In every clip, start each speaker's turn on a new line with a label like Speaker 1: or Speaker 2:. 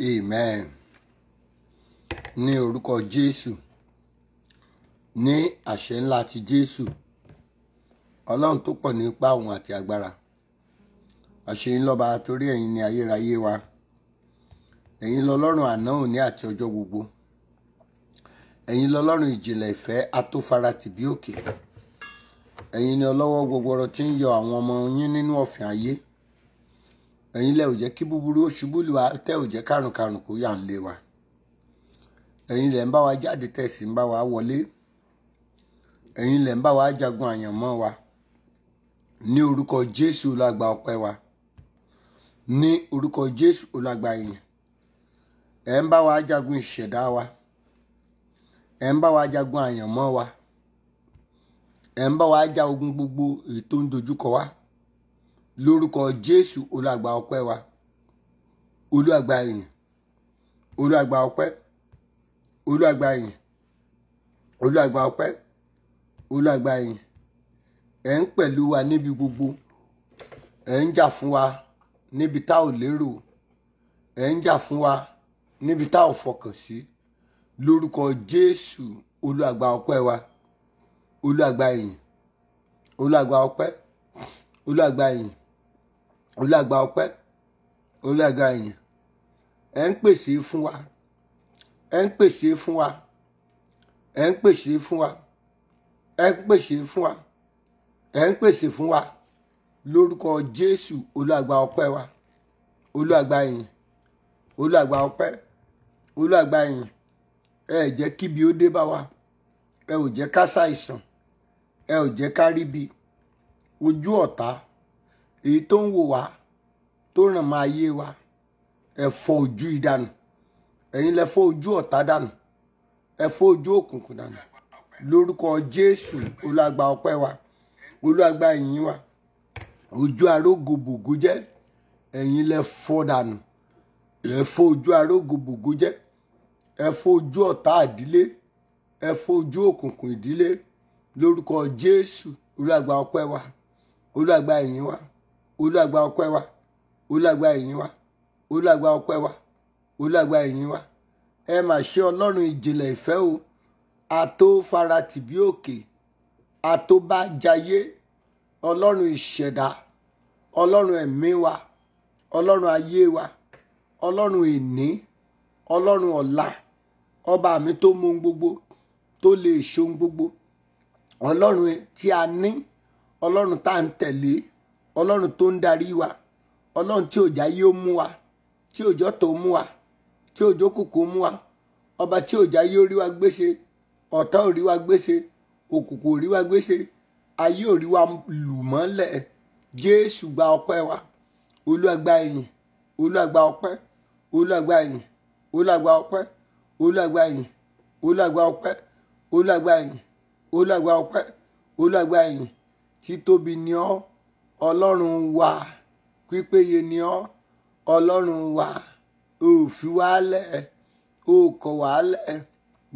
Speaker 1: amen ní orúkọ jésù ní àṣẹ ńlá ti jésù ọlọ́run tó pọ̀ nípa òun àti agbára àṣeyín lọ́ba torí ẹ̀yin ni ayérayé wa ẹ̀yin lọ́lọ́run àná òní àti ọjọ́ gbogbo ẹ̀yin lọ́lọ́run ìjìnlẹ̀ ìfẹ́ atófara tìbí òkè ẹ̀yin ni ọlọ́wọ́ gbogbo ọ̀rọ̀ tí ń yọ àwọn ọmọ yín nínú ọ̀fìn ayé ẹ̀yin lẹ́ ò jẹ́ kí búburú ó ṣubú lù wá tẹ́ ò jẹ́ kárùn kárùn kó yà ń lé wa ẹ̀yin lẹ́ ń bá wa jáde tẹ́ sì ń bá wa wọlé ẹ̀yin lẹ́ ń bá wa jagun àyànmọ́ wa ní orúkọ Jésù olàgbà ọpẹ́ wa ní orúkọ Jésù olàgbà ìyìn ẹ̀ ń bá wa jagun ìṣẹ̀dá wa ẹ̀ ń bá wa jagun àyànmọ́ wa ẹ̀ ń bá wa já ogun gbogbo eto tó ń dojúkọ wa. lórúkọ jésù olùgbà ọpẹ́ wa olùgbà ìyìn olùgbà ọpẹ́ olùgbà ìyìn olùgbà ọpẹ́ olùgbà ìyìn ẹ ń pẹ̀lú wa níbi gbogbo ẹ ń jà fún wa níbi tá ò lérò ẹ ń jà fún wa níbi tá ò fọkàn sí lórúkọ jésù olùgbà ọpẹ́ wa olùgbà ìyìn olùgbà ọpẹ́ olùgbà ìyìn olùlàgbà ọpẹ́ olùlàgbà ìyìn ẹ ń pèsè fún wa ẹ ń pèsè fún wa ẹ ń pèsè fún wa ẹ ń pèsè fún wa ẹ ń pèsè fún wa lórúkọ Jésù olùlàgbà ọpẹ́ wa olùlàgbà ìyìn olùlàgbà ọpẹ́ olùlàgbà ìyìn ẹ jẹ́ kíbi ó dé bá wa ẹ ò jẹ́ ká ṣàìsàn ẹ ò jẹ́ ká ríbi ojú ọ̀tá èyí tó ń wò wá tó ràn máa yé wa ẹ fọ́ ojú ìdànù ẹ̀yin lẹ fọ́ ojú ọ̀tá dànù ẹ fọ́ ojú òkùnkùn dànù lórúkọ jésù olùgbà ọpẹ́ wa olùgbà ìyìn wa ojú arógo bògo jẹ́ ẹ̀yin lẹ fọ́ dànù ẹ fọ́ ojú arógo bògo jẹ́ ẹ idile, ojú ọ̀tá ìdílé ẹ fọ́ ojú òkùnkùn ìdílé lórúkọ jésù olùgbà ọpẹ́ wa olùgbà wa. olúàgbà ọpẹ́ wa olúàgbà ìyìn wa olúàgbà ọpẹ́ wa olúàgbà ìyìn wa ẹ mà ṣe ọlọ́run ìjìnlẹ̀ ìfẹ́ o àtó faratì bí òkè àtó bá jayé ọlọ́run ìṣẹ̀dá ọlọ́run ẹ̀mí wa ọlọ́run ayé wa ọlọ́run ìní ọlọ́run ọ̀la ọba mi tó mú gbogbo tó lè ṣohun gbogbo ọlọ́run tí a ní ọlọ́run tá à ń tẹ̀lé ọlọ́run tó ń darí wa ọlọ́run tí òjá yé ó mú wa tí òjò tó mú wa tí òjò kùkù mú wa ọba tí òjá yé ó rí wa gbéṣe ọ̀tá ò rí wa gbéṣe òkùnkùn ò rí wa gbéṣe ayé ò rí wa lù mọ́lẹ̀ jésù gba ọpẹ́ wa olúwa gba ìyìn ọpẹ́ olúwa gba ìyìn ọpẹ́ olúwa gba ìyìn ọpẹ́ olúwa gba ìyìn ọpẹ́ olúwa gba títóbi ni ọ́ ọlọ́run wa pípéye ni ọ́ ọlọ́run wa ò fi wálẹ̀ ò kọ̀ wálẹ̀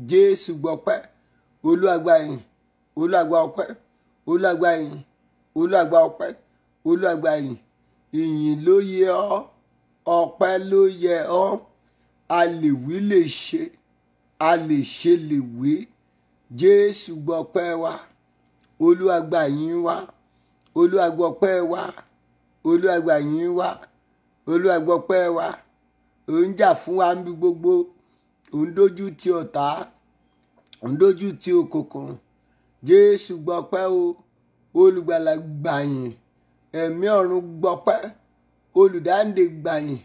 Speaker 1: jésù gbọpẹ́ olúàgbà yìí olúàgbà ọpẹ́ olúàgbà yìí olúàgbà ọpẹ́ olúàgbà yìí ìyìn ló yẹ ọ́ ọpẹ́ ló yẹ ọ́ a lè wí lè ṣe a lè ṣe lè wí jésù gbọpẹ́ wa olúàgbà yìí wa. Olúwa gbọpẹ́ wa Olúwa gbàyìn wa Olúwa gbọpẹ́ wa ò ń jà fún wa níbi gbogbo ò ń dojú ti ọ̀tá ò ń dojú ti òkùnkùn Jésù gbọpẹ́ o olùgbàlà gbàyìn ẹ̀mí ọ̀run gbọpẹ́ olùdáǹdè gbàyìn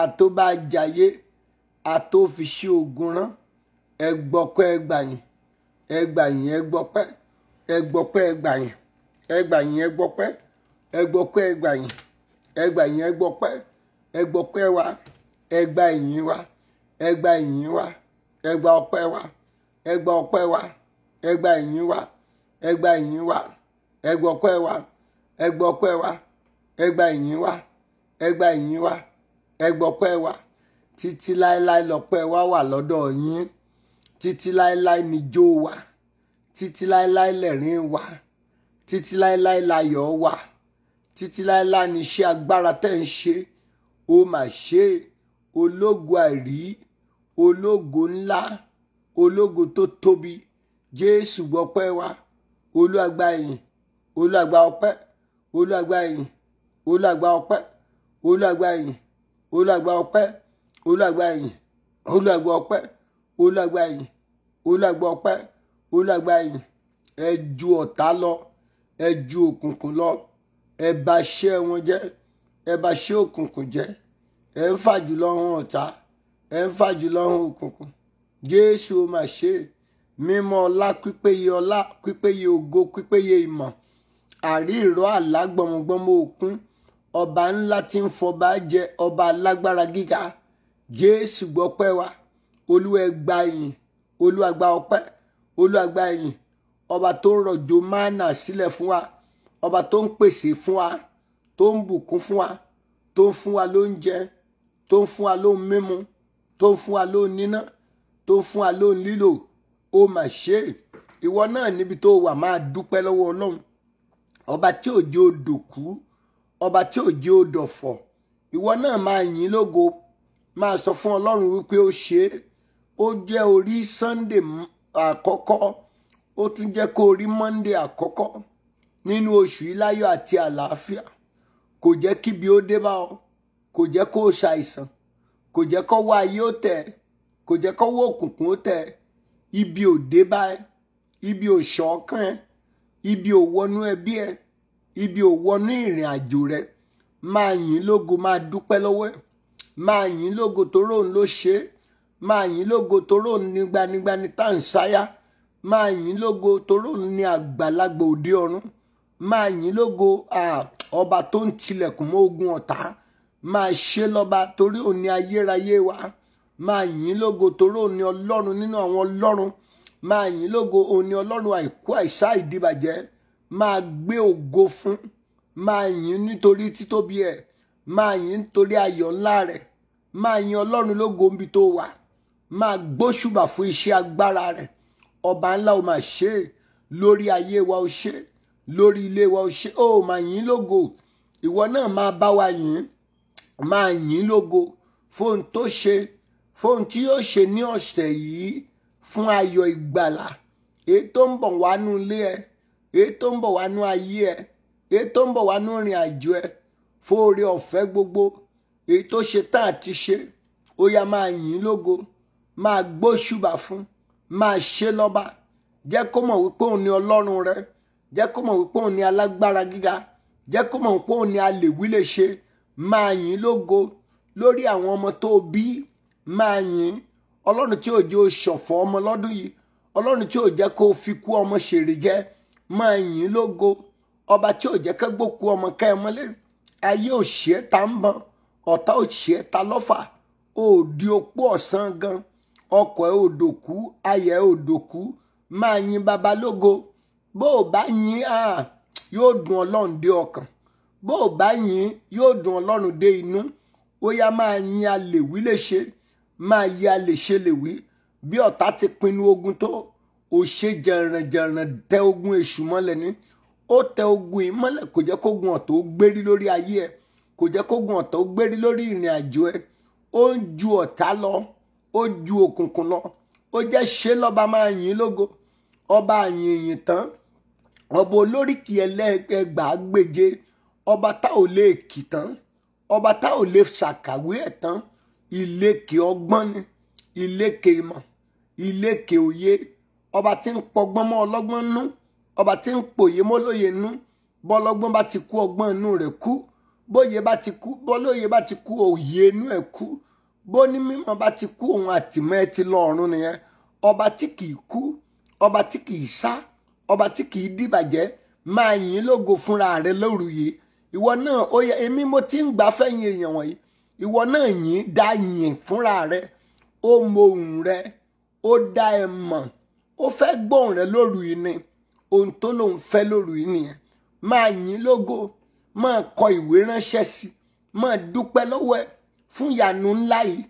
Speaker 1: àtòbàjàyé àtòfiṣẹ́ ogun rán ẹgbọpẹ́ ẹgbàyìn ẹgbàyìn ẹgbọpẹ́ ẹgbọpẹ́ ẹgbàyìn. ẹgbà yín ẹ gbọpẹ́ ẹ gbọpẹ́ ẹgbà yín ẹgbà yín ẹ ẹ wa ẹgbà yín wa ẹgbà yín wa ẹgbà ọpẹ́ wa ẹgbà ọpẹ́ wa ẹgbà wa ẹgbà wa ẹgbà wa ẹgbà ọpẹ́ wa ẹgbà wa ẹgbà wa wà lọ́dọ̀ yín títí láéláé wa títí láéláé lẹ́rìn wa. títí láéláé láyọ̀ wà títí láéláé ní iṣẹ́ agbára tẹ́ ń ṣe ó mà ṣe ológo àìrí ológo ńlá ológo tó tóbi jésù gbọpẹ́ wa olúàgbà ẹ̀yìn olúàgbà ọpẹ́ olúàgbà ẹ̀yìn olúàgbà ọpẹ́ olúàgbà ẹ̀yìn olúàgbà ọpẹ́ olúàgbà ẹ̀yìn olúàgbà ọpẹ́ olúàgbà ẹ̀yìn olúàgbà ọpẹ́ olúàgbà ẹ̀yìn ẹ ju ọ̀tá lọ ẹ ju òkùnkùn lọ ẹ bà iṣẹ́ wọn jẹ́ ẹ bà iṣẹ́ òkùnkùn jẹ́ ẹ ń fà jùlọ ohun ọ̀tá ẹ ń fà jùlọ ohun òkùnkùn jésù mà ṣe mímọ́ ọlá pípéye ọlá pípéye ògo pípéye ìmọ̀ àríró àlá gbọmọgbọmọ òkun ọba ńlá tí ń fọba jẹ ọba alágbára gíga jésù gbọpẹ́ wa olúwa ẹ gba olúwa gba ọpẹ́ olúwa gba ìyìn ọba tó ń rọ̀jò mánà sílẹ̀ fún wa ọba tó ń pèsè fún wa tó ń bùkún fún wa tó ń fún wa lóúnjẹ tó ń fún wa lóun mímu tó ń fún wa lóun níná tó ń fún wa lóun lílò ó mà ṣe ìwọ náà níbi tó wà máa dúpẹ́ lọ́wọ́ ọlọ́run ọba tí ò jẹ́ odòkú ọba tí ò jẹ́ odòfọ̀ ìwọ náà máa yìn lógo máa sọ fún ọlọ́run wípé ó ṣe é ó jẹ́ orí Sunday àkọ́kọ́ ó tún jẹ́ kó rí Monday àkọ́kọ́ nínú oṣù yìí láyọ̀ àti àlàáfíà kò jẹ́ kíbi ó dé bá ọ kò jẹ́ kó o ṣàìsàn kò jẹ́ kọ́wọ́ ayé ó tẹ̀ kò jẹ́ kọ́wọ́ òkùnkùn ó tẹ̀ ibi ò dé bá ẹ ibi ò ṣọ̀ọ́kàn ẹ ibi ò wọnú ẹbí ẹ ibi ò wọnú ìrìn àjò rẹ máa yìn lógo máa dúpẹ́ lọ́wọ́ ẹ máa yìn lógo tóró ń ló ṣe é máa yìn lógo tóró ń nígbanígbaní tá à ń ṣáyà máa yìn lógo toró ní àgbàlagbà òde ọ̀run máa yìn lógo ọba tó ń tilẹ̀kùn mọ́ ogun ọ̀tá máa ṣe lọ́ba torí òní ayérayé wa máa yìn lógo toró òní ọlọ́run nínú àwọn ọlọ́run máa yìn lógo òní ọlọ́run àìkú àìsá ìdíbàjẹ́ máa gbé ògo fún máa yìn nítorí títóbi ẹ̀ máa yìn nítorí ayọ̀ ńlá rẹ̀ máa yìn ọlọ́run lógo níbi tó wà máa gbóṣùbà fún iṣẹ́ agbára rẹ̀ ọba ńlá o máa ṣe é lórí ayé wa o ṣe lórí ilé wa o ṣe ó máa yìn lógo ìwọ náà máa bá wa yìn máa yìn lógo fóun tó ṣe fóun tí yóò ṣe ní ọ̀sẹ̀ yìí fún ayọ̀ ìgbàlà èyí tó ń bọ̀ wánú ilé ẹ èyí tó ń bọ̀ wánú ayé ẹ èyí tó ń bọ̀ wánú ìrìn àjò ẹ fóore ọ̀fẹ́ gbogbo èyí tó ṣe tán àti ṣe ó yá máa yìn lógo máa gbóṣùbà fún un máa ṣe lọ́ba jẹ́ kó mọ̀ wípé òun ni ọlọ́run rẹ jẹ́ kó mọ̀ wípé òun ni alágbára gíga jẹ́ kó mọ̀ wípé òun ni alèwí lè ṣe máa yìn lógo lórí àwọn ọmọ tó o bí máa yìn ọlọ́run tí ò jẹ́ o ọmọ lọ́dún yìí ọlọ́run tí ò jẹ́ kó fi kú ọmọ ṣèrè jẹ́ máa yìn lógo ọba tí ò jẹ́ kẹ́gbókú ọmọ ká ẹ mọ́lẹ́ ayé òṣìẹ́ ta ń bọ̀n ọ̀tá òṣìẹ́ ta lọ́fà òdi opó ọ̀sán gan-an ọkọ̀ ẹ̀ òdòkú ayẹ̀ ẹ̀ òdòkú máa yin babalógo bó o bá yin hàn yóò dùn ọlọ́run dé ọkàn bó o bá yin yóò dùn ọlọ́run dé inú ó yá máa yin alèwí léṣe máa yí alèṣe lèwí bí ọ̀tá ti pinnu ogun tó ò ṣe jẹ̀rànjẹ̀ràn tẹ ogun èṣù mọ́lẹ̀ ni ó tẹ ogun yìí mọ́lẹ̀ kò jẹ́ kógun ọ̀tá ó gbérí lórí ayé ẹ kò jẹ́ kógun ọ̀tá ó gbérí lórí ìrìn àjò ẹ ó ń ju ọ̀tá lọ ó ju òkùnkùn lọ ó jẹ́ ṣe lọ́ba máa yìn lógo ọba àyìnyìn tán ọba olóríkì ẹlẹ́gbẹ̀gbàgbèje ọba tá ò lè kì tán ọba tá ò lè ṣàkàwé ẹ̀ tán ìlékè ọgbọ́n ni ìlékè ìmọ̀ ìlékè òye ọba tí ń pọgbọ́n mọ́ ọlọ́gbọ́n nú ọba tí ń pòye mọ́lóye nú bọ́lọ́gbọ́n bá ti kú ọgbọ́n inú rẹ̀ kú bóye bá ti kú bọ́lóye bá ti kú òye inú ẹ̀ kú bó ní mímọ́ bá ti kú òun àtìmọ́ ẹ ti lọ ọ̀run nìyẹn ọba tí kìí kú ọba tí kìí sá ọba tí kìí dìbàjẹ́ máa yìn lógo fúnra rẹ lóru yìí ìwọ náà ó yẹ èmi mo ti ń gbà fẹ́yìn èèyàn wọ̀nyí ìwọ náà yìn dá yìn fúnra rẹ ó mọ ohùn rẹ ó dá ẹ mọ̀ ó fẹ́ gbóhùn rẹ lóru yìí ni ohun tó lòun fẹ́ lóru yìí nìyẹn máa yìn lógo máa kọ ìwé ránṣẹ́ sí máa dúpẹ́ lọ́wọ́ ẹ̀ fún ìyanu ńlá yìí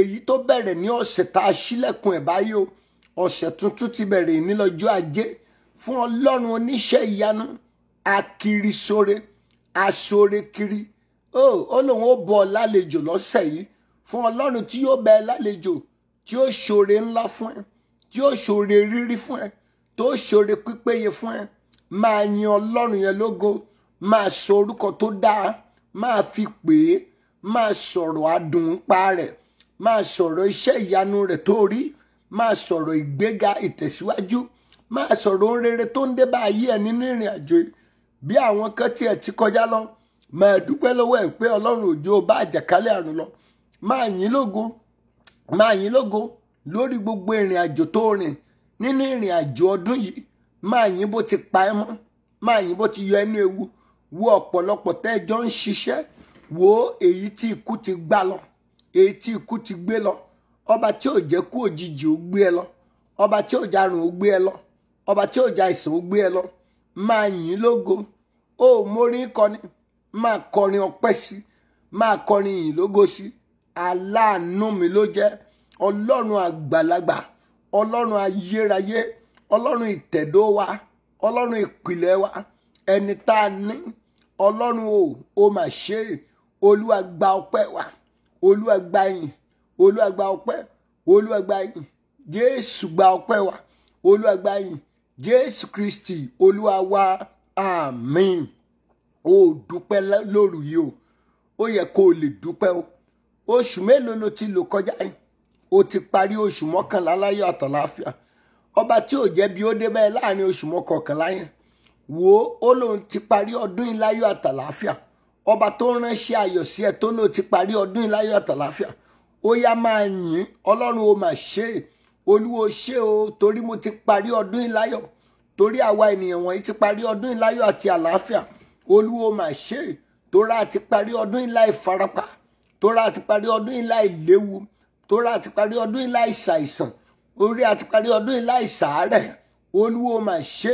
Speaker 1: èyí tó bẹ̀rẹ̀ ní ọ̀sẹ̀ tá a ṣílẹ̀kùn ẹ̀ báyìí o ọ̀sẹ̀ tuntun ti bẹ̀rẹ̀ nílọ́jọ́ ajé fún ọlọ́run oníṣẹ́ ìyanu akirisore asorekiri ó ó lóun ó bọ̀ lálejò lọ́sẹ̀ yìí fún ọlọ́run tí yóò bẹ lálejò tí ó ṣoore ńlá fún ẹ tí ó ṣoore rírí fún ẹ tó ṣoore pípéye fún ẹ máa yin ọlọ́run yẹn lógo máa sọ orúkọ tó dáa máa fi pè é máa sọ̀rọ̀ adùn pa rẹ̀ máa sọ̀rọ̀ iṣẹ́ ìyanu rẹ̀ tó rí máa sọ̀rọ̀ ìgbéga ìtẹ̀síwájú máa sọ̀rọ̀ ohun rere tó ń dé bá ayé ẹni ní ìrìn àjò bí àwọn kan tiẹ̀ ti kọjá lọ máa dúpẹ́ lọ́wọ́ ẹ̀ pé ọlọ́run òjò bá àjàkálẹ̀ àrùn lọ máa yìn lógo máa yìn lógo lórí gbogbo ìrìn àjò tó rìn nínú ìrìn àjò ọdún yìí máa yìn bó ti pa ẹ́ mọ́ máa yìn bó ti yọ ẹnu ewu wo ọ̀pọ̀lọpọ̀ tẹ́ ẹ ń ṣiṣẹ́ wo èyí tí ikú ti gbá lọ èyí tí ikú ti gbé lọ ọba tí ò jẹ́ kú òjijì ó gbé ẹ lọ ọba tí ò já rùn ó gbé ẹ lọ ọba tí ò ja ìsìn ó gbé ẹ lọ máa yìn lógo ó mórí kọni máa kọrin ọpẹ sí máa kọrin yìn lógo sí aláàánú mi ló agbalagba, ọlọ́run àgbàlagbà ọlọ́run ayérayé ọlọ́run ìtẹ̀dó wa ọlọ́run ìpìlẹ̀ wa ẹni tá a ní ọlọ́run o ó mà ṣe é. olúwa gba ọpẹ́ wa olúwa gba ìyìn olúwa gba ọpẹ́ olúwa gba ìyìn jésù gba ọpẹ́ wa olúwa gba ìyìn jésù kristi olúwa wa àmín o dúpẹ́ lóru yìí o ó yẹ kó o lè dúpẹ́ o oṣù mélòó ló ti lò kọjá yìí o ti parí oṣù mọ́kànlá láyọ̀ àtàláfíà ọba tí ò jẹ́ bí ó dé bẹ́ẹ̀ láàrin oṣù mọ́kànlá yẹn wò ó lòun ti parí ọdún yìí láyọ̀ àtàláfíà ọba tó ránṣẹ́ ayọ̀ sí ẹ tó lò ti parí ọdún iláyọ̀ àtàláfíà ó yá máa yìn ọlọ́run ó mà ṣe olúwo ṣe o torí mo ti parí ọdún iláyọ̀ torí àwa ènìyàn wọ̀nyí ti parí ọdún iláyọ̀ àti àlàáfíà olúwo mà ṣe torá àti parí ọdún ilá ìfarapa torá àti parí ọdún ilá ìléwu torá àti parí ọdún ilá ìṣàìsàn orí àti parí ọdún ilá ìṣàárẹ̀ olúwo mà ṣe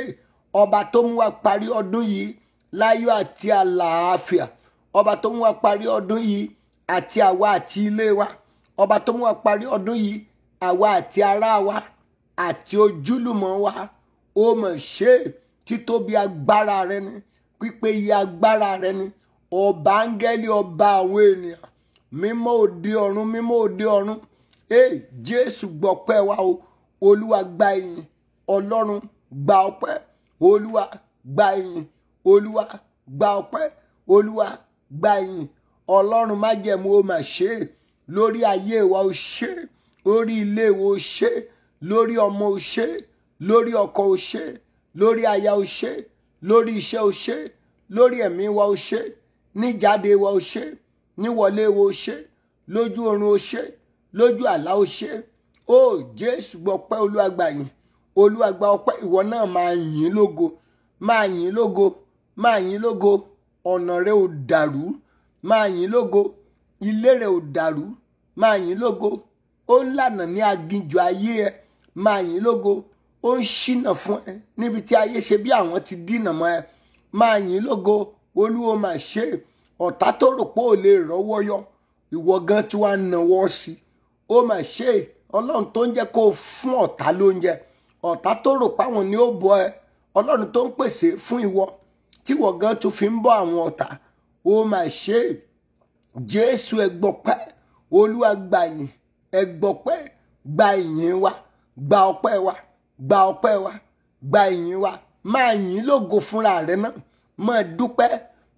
Speaker 1: ọba tó mú wa parí ọdún yìí láyọ̀ àti àlàáfíà ọba tó mú wa parí ọdún yìí àti àwa àti ilé wa ọba tó mú wa parí ọdún yìí àwa àti ará wa àti ojúlùmọ̀ wa ó mọ̀ ṣe títóbi agbára rẹ ni pípé iye agbára rẹ ni ọba áńgẹ́lì ọba àwọn ènìyàn mímọ́ òde ọ̀run mímọ́ òde ọ̀run ee jésù gbọ́pẹ́ wa o olúwa gba ìyìn ọlọ́run gba ọpẹ́ olúwa gba ìyìn olúwa gba ọpẹ́ olúwa gbàyìn ọlọ́run májẹ̀mú ó mà ṣe lórí ayé wa ó ṣe lórí ilé wa ó ṣe lórí ọmọ ó ṣe lórí ọkọ ó ṣe lórí aya ó ṣe lórí iṣẹ́ ó ṣe lórí ẹ̀mí wa ó ṣe níjáde wa ó ṣe níwọlé wa ó ṣe lójú oorun ó ṣe lójú àlá ó ṣe ó jésù gbọpẹ́ olúwa gbàyìn olúwa gba ìwọ náà máa yìn lógo máa yìn lógo máa yìn lógo ọ̀nà rẹ ò dàrú máa yìn lógo ilé rẹ ò dàrú máa yìn lógo ó ń lànà ní aginjù ayé ẹ máa yìn lógo ó ń ṣìnà fún ẹ níbi tí ayé ṣe bí àwọn ti dínà mọ́ ẹ máa yìn lógo olúwo máa ṣe ọ̀tá tó rò pé ò lè rọ́wọ́ yọ ìwọ gan tí wàá nawọ́ sí ó máa ṣe ọlọ́run tó ń jẹ́ kó fún ọ̀tá lóúnjẹ ọ̀tá tó rò páwọn ni ó bọ ẹ ọlọ́run tó ń pèsè fún ìwọ tí wọ́n gan tó fi ń bọ́ àwọn ọ̀tá ó máa ṣe é jésù ẹgbọ́pẹ́ olúwa gba ìyìn ẹgbọ́pẹ́ gba ìyìn wa gba ọpẹ́ wa gba ọpẹ́ wa gba ìyìn wa máa yìn lógo fúnra rẹ náà máa dúpẹ́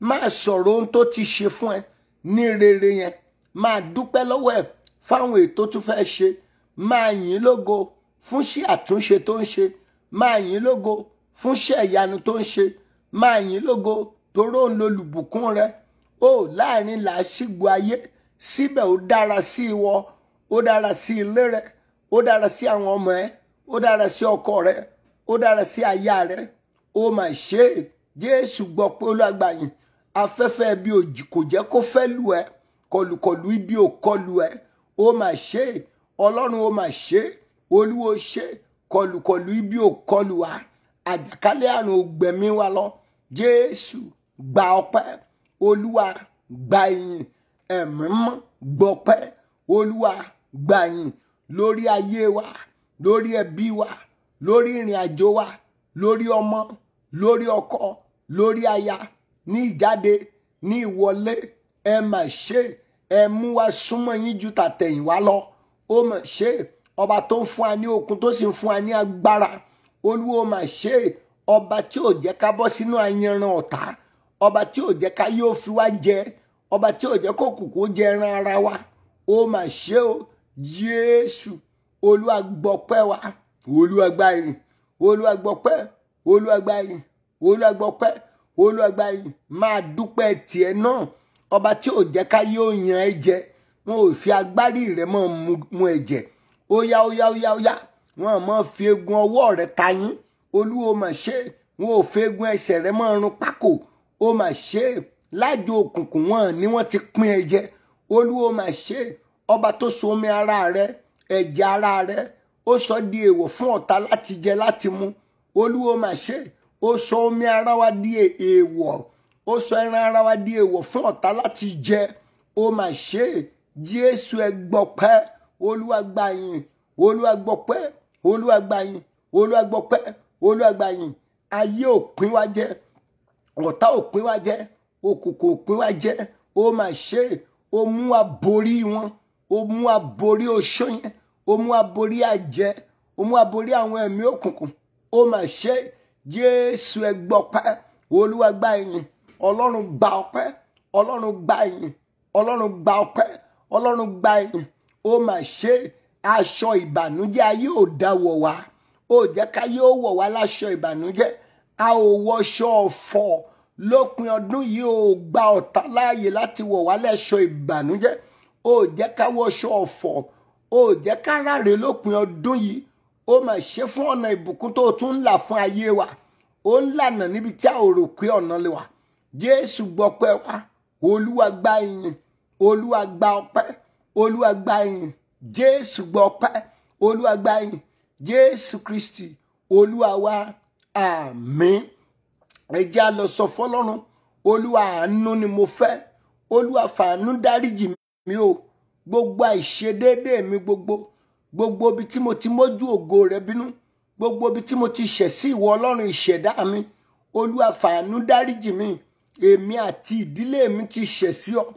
Speaker 1: máa sọ̀rọ̀ ohun tó ti ṣe fún ẹ ní rere yẹn máa dúpẹ́ lọ́wọ́ ẹ fáwọn ètò tó fẹ́ ṣe máa yìn lógo fún ṣé àtúnṣe tó ń ṣe máa yìn lógo fún ṣé ìyanu tó ń ṣe máa yìn lógo toró ń lo lùbùkún rẹ ó láàrin làásìgbò ayé síbẹ̀ ó dára sí ìwọ ó dára sí ilé rẹ ó dára sí àwọn ọmọ ẹ ó dára sí ọkọ rẹ ó dára sí aya rẹ ó mà ṣe é jésù gbọ́ pé olùgbàyìn afẹ́fẹ́ ibi òjì kò jẹ́ kó fẹ́ lù ẹ́ kọlùkọlù ibi ò kọlù ẹ́ ó mà ṣe é ọlọ́run ó mà ṣe é olúwo ṣe kọlùkọlù ibi ò kọlù wa àjàkálẹ̀ àrùn ògbẹ̀mí wa lọ jésù gba ọpẹ́ olúwa gba ìyìn ẹ̀mí mọ́ gbọpẹ́ olúwa gba ìyìn lórí ayé wa lórí ẹbí wa lórí ìrìn àjò wa lórí ọmọ lórí ọkọ lórí aya ní ìjáde ní ìwọlé ẹ mà ṣe ẹ mú wa súnmọ́ yín ju tàtẹ̀yìnwá lọ ó mà ṣe ọba tó ń fún wa ní okun tó sì ń fún wa ní agbára olúwo mà ṣe é ọba tí ò jẹ́ ká bọ́ sínú ayanran ọ̀tá ọba tí ò jẹ́ ká yóò fi wá jẹ ọba tí ò jẹ́ kó kùkú jẹ ran ara wa ó mà ṣe o Jésù Olúwa gbọpẹ́ wa Olúwa gba ìyìn Olúwa gbọpẹ́ Olúwa máa dúpẹ́ tiẹ̀ náà ọba tí ò jẹ́ ká yóò yan ẹ jẹ wọn ò fi agbárí rẹ mọ́ mu ẹ̀jẹ̀ ó yá ó yá wọn ò fi egun ọwọ́ rẹ ta olúwo mà ṣe wọn ò fegun ẹsẹ̀ rẹ mọ́ ọrùn pákò ó mà ṣe lájò òkùnkùn wọn ni wọ́n ti pín ẹ jẹ olúwo mà ṣe ọba tó so omi ara rẹ ẹ̀jẹ̀ ara rẹ ó sọ di èèwọ̀ fún ọ̀tá láti jẹ láti mu olúwo mà ṣe ó sọ omi ara wa di èèwọ̀ ó sọ ẹran ara wa di èèwọ̀ fún ọ̀tá láti jẹ ó mà ṣe jésù ẹgbọpẹ́ olúwa gbà olúwa gbọpẹ́ olúwa gbà olúwa gbọpẹ́ olùgbàyìn ayé òpin wa jẹ ọ̀tá òpin wa jẹ òkùnkùn òpin wa jẹ ó mà ṣe ó mú wa borí wọn ó mú wa borí oṣó yẹn ó mú wa borí àjẹ́ ó mú wa borí àwọn ẹ̀mí òkùnkùn ó mà ṣe jésù ẹgbọ́pẹ́ olúwa gba ìyìn ọlọ́run gba ọpẹ́ ọlọ́run gba ìyìn ọlọ́run gba ọpẹ́ ọlọ́run gba ìyìn ó mà ṣe aṣọ ìbànújẹ́ ayé ò dáwọ̀ wá ó jẹ́ káyé ó wọ̀ wá láṣọ ìbànújẹ́ a ò wọṣọ ọ̀fọ̀ lópin ọdún yìí ó gba ọ̀tá láàyè láti wọ̀ wá láṣọ ìbànújẹ́ ó jẹ́ ká wọṣọ ọ̀fọ̀ ó jẹ́ ká ráre lópin ọdún yìí ó mà ṣe fún ọ̀nà ìbùkún tó tún ń là fún ayé wa ó ń lànà níbi tí a ò rò pé ọ̀nà lè wà jésù gbọpẹ́ wa olúwa gba ìyìn olúwa gba ọpẹ́ olúwa gba ìyìn jésù gbọpẹ́ olúwa gba ìyìn jésù kristi olúwa wa àmín ẹ jẹ́ á lọ sọ olúwa àánú ni mo fẹ́ olúwa fàánú dáríjì mi o gbogbo àìṣedéédéé mi gbogbo gbogbo ibi tí mo ti mójú ògo rẹ bínú gbogbo ibi tí mo ti ṣẹ̀ sí ìwọ ọlọ́run ìṣẹ̀dá mi olúwa fàánú dáríjì mi èmi àti ìdílé mi ti ṣẹ̀ sí ọ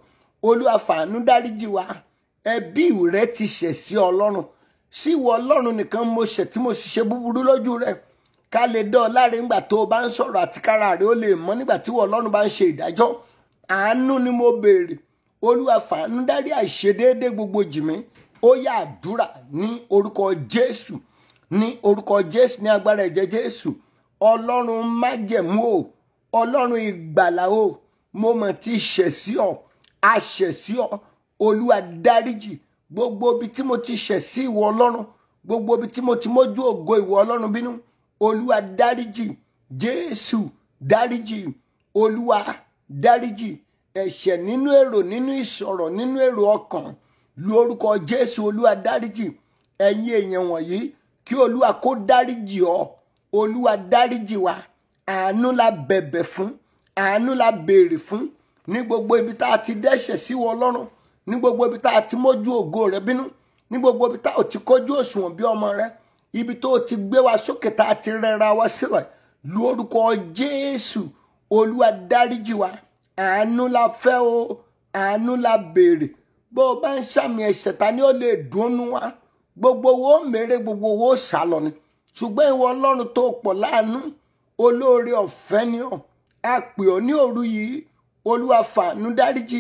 Speaker 1: olúwa fàánú dáríjì wa ẹbí rẹ ti ṣẹ̀ sí ọlọ́run sí ìwọ ọlọ́run nìkan mo ṣẹ̀ tí mo sì ṣe búburú lójú rẹ ká lè dán ọ láre ńgbà tó o bá ń sọ̀rọ̀ àti kára rẹ ó lè mọ́ nígbà tí ìwọ ọlọ́run bá ń ṣe ìdájọ́ àánú ni mo béèrè olúwa fàánú dárí àìṣedéédé gbogbo jì mí ó yá àdúrà ní orúkọ jésù ní orúkọ jésù ní agbára ẹ̀jẹ̀ jésù ọlọ́run májẹ̀mú o ọlọ́run ìgbàlà o mo mọ̀ ti ṣẹ̀ sí ọ àṣẹ̀ sí ọ olúwa dáríjì gbogbo ibi tí mo ti ṣẹ̀ sí ìwọ ọlọ́run gbogbo ibi tí mo ti mójú ògo ìwọ ọlọ́run bínú olúwa dáríjì jésù dáríjì olúwa dáríjì ẹ̀ṣẹ̀ nínú èrò nínú ìsọ̀rọ̀ nínú èrò ọkàn lórúkọ jésù olúwa dáríjì ẹ̀yin èèyàn wọ̀nyí kí olúwa kó dáríjì ọ olúwa dáríjì wa àánú la bẹ̀bẹ̀ fún àánú la béèrè fún ní gbogbo ibi tá a ti dẹ́ṣẹ̀ sí wọ ọlọ́run ní gbogbo ibi tá a ti mójú ògo rẹ bínú ní gbogbo ibi tá a ti kọjú òṣùwọ̀n bí ọmọ rẹ ibi tó o ti gbé wa sókè tá a ti rẹra wa sílẹ̀ lórúkọ Jésù Olúwa dáríjì wa àánú la fẹ́ o àánú la béèrè bó o bá ń ṣàmì ẹ̀ṣẹ̀ ta ni ó lè dùnnú wa gbogbo wo mèrè gbogbo wo sálọ ni ṣùgbọ́n ìwọ Ọlọ́run tó pọ̀ láàánú olóore ọ̀fẹ́ ni ọ́ a pè ọ́ ní òru yìí Olúwa fàánú dáríjì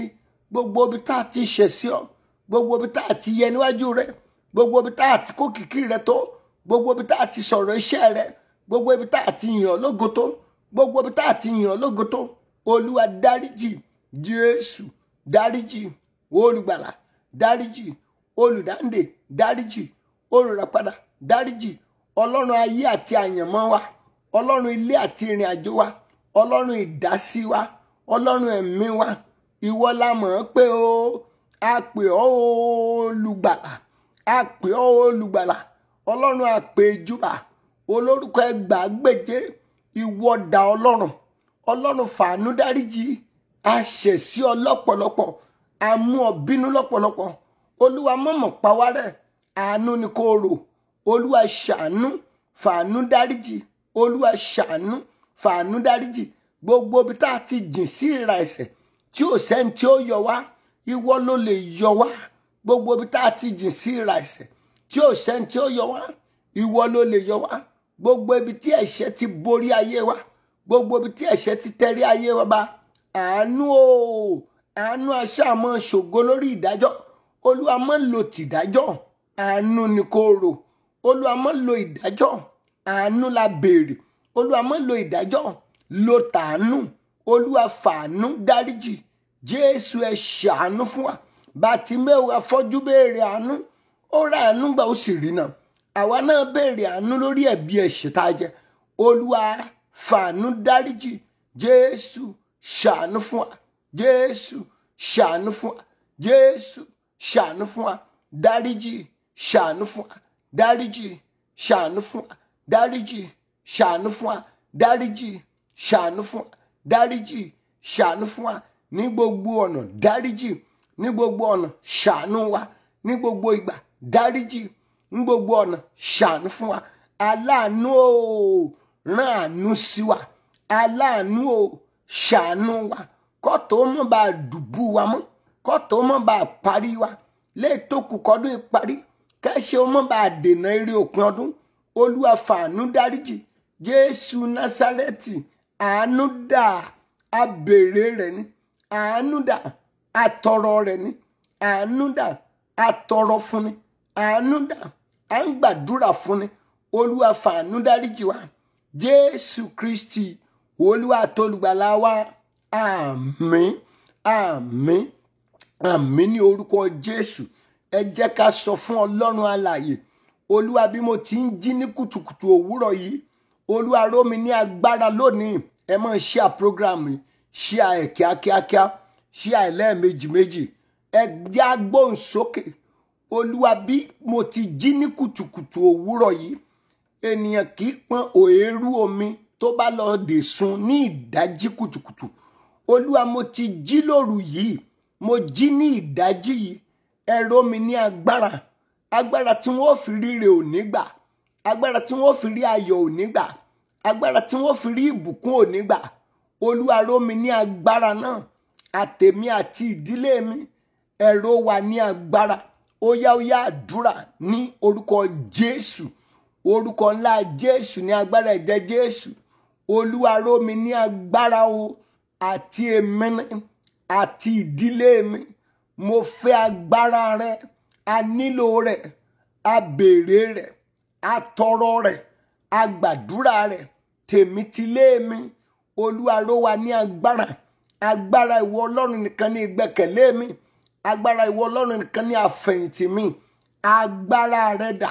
Speaker 1: gbogbo ibi tá a ti ṣẹ̀ sí ọ gbogbo ibi tá a ti yẹ níwájú rẹ gbogbo ibi tá a ti kó kìkì rẹ tó gbogbo ibi tá a ti sọ̀rọ̀ iṣẹ́ rẹ gbogbo ibi tá a ti yàn lógo tó gbogbo ibi tá a ti yàn lógo tó olúwa dáríjì jésù dáríjì olùgbàlà dáríjì olùdáǹdè dáríjì olùràpadà dáríjì ọlọ́run ayé àti àyànmọ́ wa ọlọ́run ilé àti ìrìn àjò wa ọlọ́run ìdásí wa ọlọ́run ẹ̀mí wa ìwọ la mọ̀ ọ́ pé o a pè ọ́ olùgbàlà a pè ọ́ olùgbàlà ọlọ́run àpèjúbà olórúkọ ẹgbàágbèje ìwọ́dà ọlọ́run ọlọ́run fàánú dáríjì a ṣẹ̀ sí ọ lọ́pọ̀lọpọ̀ a mú ọ bínú lọ́pọ̀lọpọ̀ olúwa mọ̀mọ̀ pawárẹ̀ àánú ni kò rò olúwa ṣàánú fàánú dáríjì olúwa ṣàánú fàánú dáríjì gbogbo ibi tá a ti jìn sí ìra ẹ̀ṣẹ̀ tí ò sẹ́ni tí ó yọ wá ìwọ ló lè yọ wá gbogbo ibi tá a ti jìn sí ìrà ẹ̀ṣẹ̀ tí ò sẹ́ni tí ó yọ wá ìwọ ló lè yọ wá gbogbo ibi tí ẹ̀ṣẹ̀ ti borí ayé wa gbogbo ibi tí ẹ̀ṣẹ̀ ti tẹ̀rí ayé wa bá àánú o àánú aṣáàmọ́ ṣògo lórí ìdájọ́ olúwa máa lo tìdájọ́ àánú ni kò rò olúwa máa lo ìdájọ́ àánú la béèrè olúwa máa lo ìdájọ́ lo tàánú olúwa fàánú dáríjì jésù ẹ ṣàánú fún wa bàtímẹ́wò afọ́jú béèrè àánú ó ra àánú gbà ó sì rí náà àwa náà béèrè àánú lórí ẹ̀bi ẹ̀ṣẹ̀ tá a jẹ olúwa fàánú dáríjì jésù ṣàánú fún wa jésù ṣàánú fún wa jésù ṣàánú fún wa dáríjì ṣàánú fún wa dáríjì ṣàánú fún wa dáríjì ṣàánú fún wa dáríjì ṣàánú fún wa dáríjì ṣàánú fún wa. ní gbogbo ọ̀nà dáríjì ní gbogbo ọ̀nà ṣàánú wa ní gbogbo ìgbà dáríjì ní gbogbo ọ̀nà ṣàánú fún wa aláàánú o rán àánú sí wa aláàánú o ṣàánú wa kọ́ tó mọ́ bá dùbú wa mọ́ tó mọ́ bá parí wa lẹ́ẹ̀tọ́ kù kọ́dún ìparí kẹ́sẹ́ mọ́ bá dènà eré òpin ọdún olúwa fàánú dáríjì jésù násárẹ́tì àánú dà á béèrè rẹ̀ ni àánú dà àtọrọ rẹ̀ ni àánú dà àtọrọ fún ni àánú dà à ń gbàdúrà fún ni olúwa fàánú dáríjì wa jésù kristi olúwa tolùgbàlà wa àmín àmín àmín ní orúkọ jésù ẹ jẹ́ ká sọ fún ọlọ́run alààyè olúwa bí mo ti ń jí ní kùtùkùtù òwúrọ̀ yìí olúwa rómi ní agbára lónìí ẹ máa ń à program yìí ṣíà ẹ̀ kíákíákíá ṣíà ẹ̀ lẹ́ẹ̀mejì méjì ẹ jẹ́ agbóhùnsókè olúwa bí mo ti jí ní kùtùkùtù òwúrọ̀ yìí ènìyàn kì í pọn òérú omi tó bá lọ dé sun ní ìdájí kùtùkùtù olúwa mo ti jí lóru yìí mo jí ní ìdájí yìí ẹ̀rọ mi ní agbára agbára tí wọ́n fi ríre ò ní gbà agbára tí wọ́n fi rí ayọ̀ ò ní gbà agbára tí wọ́n fi rí ìbùkún ò gbà olúwa ró mi ní agbára náà àtèmi àti ìdílé mi ẹ̀rọ wa ní agbára ó yá ó yá àdúrà ní orúkọ jésù orúkọ ńlá jésù ní agbára ẹ̀jẹ̀ jésù olúwa ró mi ní agbára o àti èmi àti ìdílé mi mo fẹ́ agbára rẹ a nílò rẹ a béèrè rẹ a tọrọ rẹ a gbàdúrà rẹ tèmi tilé mi olúwa ró wa ní agbára agbára ìwọ ọlọ́run nìkan ní ìgbẹ́kẹ̀lé mi agbára ìwọ ọlọ́run nìkan ní àfẹ̀yìntì mi agbára rẹ dà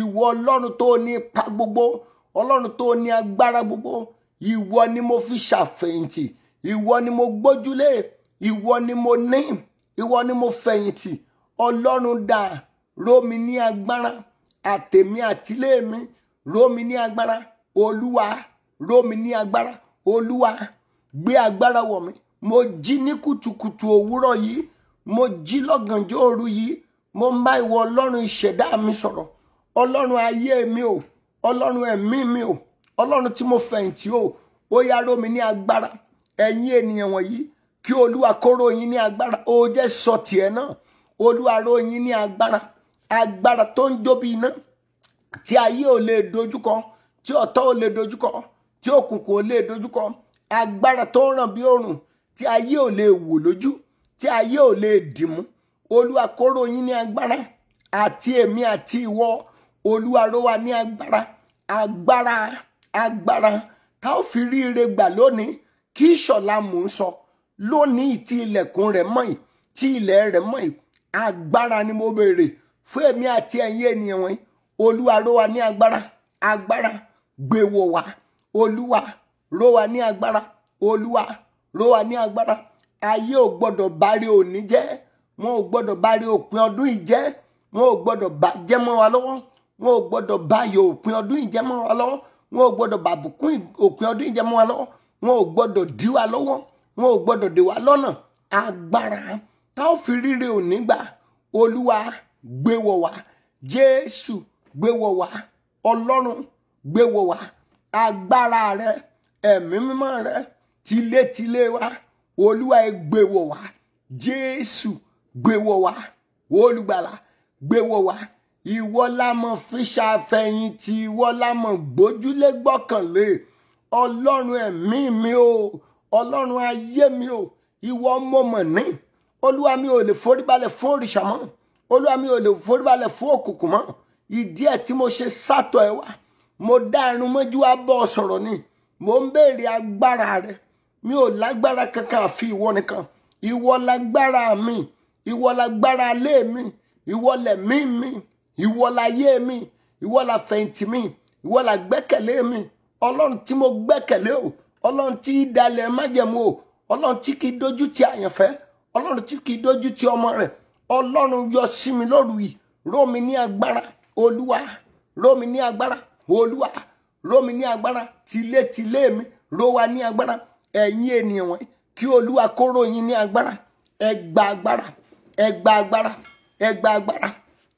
Speaker 1: ìwọ ọlọ́run tó ní ipa gbogbo ọlọ́run tó ní agbára gbogbo ìwọ ni mo fi ṣàfẹ̀yìntì ìwọ ni mo gbójúlé ìwọ ni mo ní ìwọ ni mo fẹ̀yìntì ọlọ́run dà ró mi ní agbára àtèmi àtìlé mi ró mi ní agbára olúwa ró ní agbára olúwa gbé agbára wọ̀ mí mo jí ní kùtùkùtù òwúrọ̀ yìí mo jí lọ́gànjọ́ òru yìí mo ń bá ìwọ ọlọ́run ìṣẹ̀dá mi sọ̀rọ̀ ọlọ́run ayé mi o ọlọ́run ẹ̀mí mi o ọlọ́run tí mo fẹ̀yìntì o ó yá ró mi ní agbára ẹ̀yin ènìyàn wọ̀nyí kí olúwa kóró yín ní agbára ó jẹ́ sọ tiẹ̀ náà olúwa ró yín ní agbára agbára tó ń jó bí iná tí ayé ò lè dojúkọ tí ọ̀tá ò lè dojúkọ tí òkùnkùn ò lè dojúkọ agbára tó ń ràn bí òrùn tí ayé ò lè wò lójú tí ayé ò lè dìmú olúwa kóró yín ní agbára àti èmi àti ìwọ olúwa ró wa ní agbára agbára agbára tá ò fi rí ire gbà lónìí kí ìṣọ̀lá mò ń sọ lónìí tí ilẹ̀kùn rẹ̀ mọ́ yìí tí ilẹ̀ rẹ̀ mọ́ yìí agbára ni mo béèrè fún èmi àti ẹ̀yin ènìyàn wọ̀nyí olúwa ró wa ní agbára agbára gbé wá olúwa ró wa ní agbára olúwa ró wa ní agbára ayé ò gbọ́dọ̀ bárí òní jẹ́ wọn ò gbọ́dọ̀ bárí òpin ọdún yìí jẹ́ wọn ò gbọ́dọ̀ bá jẹ́ mọ́ wa lọ́wọ́ wọn ò gbọ́dọ̀ báyọ̀ òpin ọdún yìí jẹ́ mọ́ wa lọ́wọ́ wọn ò gbọ́dọ̀ bàbùkún òpin ọdún yìí jẹ́ mọ́ wa lọ́wọ́ wọn ò gbọ́dọ̀ dí wa lọ́wọ́ wọn ò gbọ́dọ̀ dè wa lọ́nà agbára tá ò fi ríre òní gbà olúwa gbé wá jésù gbé wá ọlọ́run gbé wá agbára rẹ ẹ̀mí mímọ́ rẹ tilétilé wa olúwa ẹ gbé wọ̀ wá jésù gbé wọ̀ wá olùgbàlà gbé wọ̀ wá ìwọ lámọ̀ fíṣàfẹ̀yìntì ìwọ lámọ̀ gbójúlé gbọ́kànlé ọlọ́run ẹ̀mí mi o ọlọ́run ayé mi o ìwọ mo mọ̀ ní olúwa mi ò lè foríbalẹ̀ fún òrìṣà mọ́ olúwa mi ò lè foríbalẹ̀ fún òkùnkùn mọ́ ìdí ẹ̀ tí mo ṣe sátọ̀ ẹ wá mo dá irun mọ́jú wá bọ́ ọ sọ̀rọ̀ ni mo ń béèrè agbára rẹ mi ò lágbára kankan àfi ìwọ nìkan ìwọ lágbára mi ìwọ lágbára ilé mi ìwọ lẹ̀mí mi ìwọ láyé mi ìwọ láfẹ̀yìntì mi ìwọ lágbẹ́kẹ̀lé mi ọlọ́run tí mo gbẹ́kẹ̀lé o ọlọ́run tí dalẹ̀ májẹ̀mú o ọlọ́run tí kì í dojú ti àyànfẹ́ ọlọ́run tí kì í dojú ti ọmọ rẹ̀ ọlọ́run yọ sí mi lóru yìí ró mi ní agbára olúwa ró mi ní agbára olúwa ró mi ní agbára tilétilé mi ró wa ní agbára ẹ̀yin ènìyàn wọ̀nyí kí olúwa kó ró yín ní agbára ẹ gba agbára ẹ gba agbára ẹ gba agbára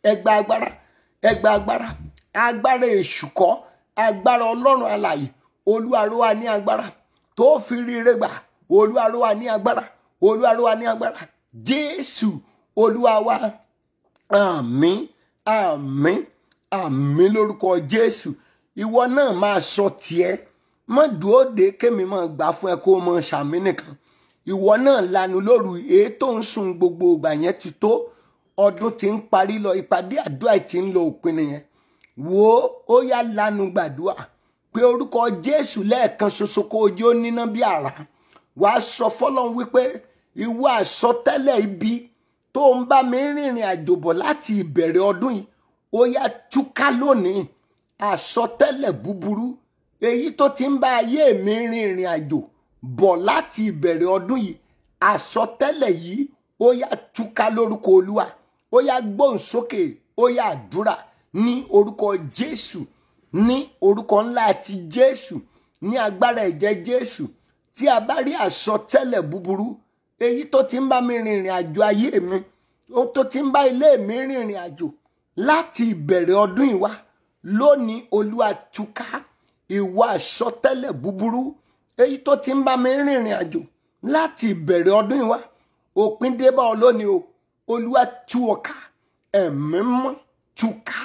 Speaker 1: ẹ gba agbára ẹ gba agbára agbára èṣù kọ́ agbára ọlọ́run alààyè olúwa ró wa ní agbára tó fi ríire gbà olúwa ró wa ní agbára olúwa ró wa ní agbára jésù olúwa wa àmín àmín àmì lórúkọ jésù ìwọ náà máa sọ tiẹ̀ mọ dúró de kémi máa gbà fún ẹ kó mọ sàmì nìkan ìwọ náà lanu lóru èé tó ń sun gbogbo ìgbà yẹn ti tó ọdún ti ń parí lọ ìpàdé àdúrà ti ń lo òpin nìyẹn wo ó yá lanu gbàdúrà pé orúkọ jésù lẹ́ẹ̀kan ṣoṣo kó ojú ó níná bí àrá wàá sọ fọ́lọ́run wípé ìwọ àsọtẹ́lẹ̀ ibi tó ń bá mi rìnrìn àjò láti ìbẹ̀rẹ̀ ọdún yìí ó yá túká lónìí àsọtẹ́lẹ̀ búburú èyí tó ti ń bá ayé mi rin ìrìn àjò bọ̀ láti ìbẹ̀rẹ̀ ọdún yìí àsọtẹ́lẹ̀ yìí ó yá túká lórúkọ olúwa ó yá gbóhùn sókè ó yá àdúrà ní orúkọ jésù ní orúkọ ńlá àti jésù ní agbára ẹ̀jẹ̀ jésù tí a bá rí àsọtẹ́lẹ̀ búburú èyí tó ti ń bá mi rin ìrìn àjò ayé mi tó ti ń bá ilé mi rin àjò láti ìbẹ̀rẹ̀ ọdún yìí wá lónìí olúwa túká ìwà àsọtẹ́lẹ̀ búburú èyí tó ti ń bá mi rìnrìn àjò láti ìbẹ̀rẹ̀ ọdún yìí wá òpin dé bá ọ lónìí o olúwa ẹ̀mí mọ́ túká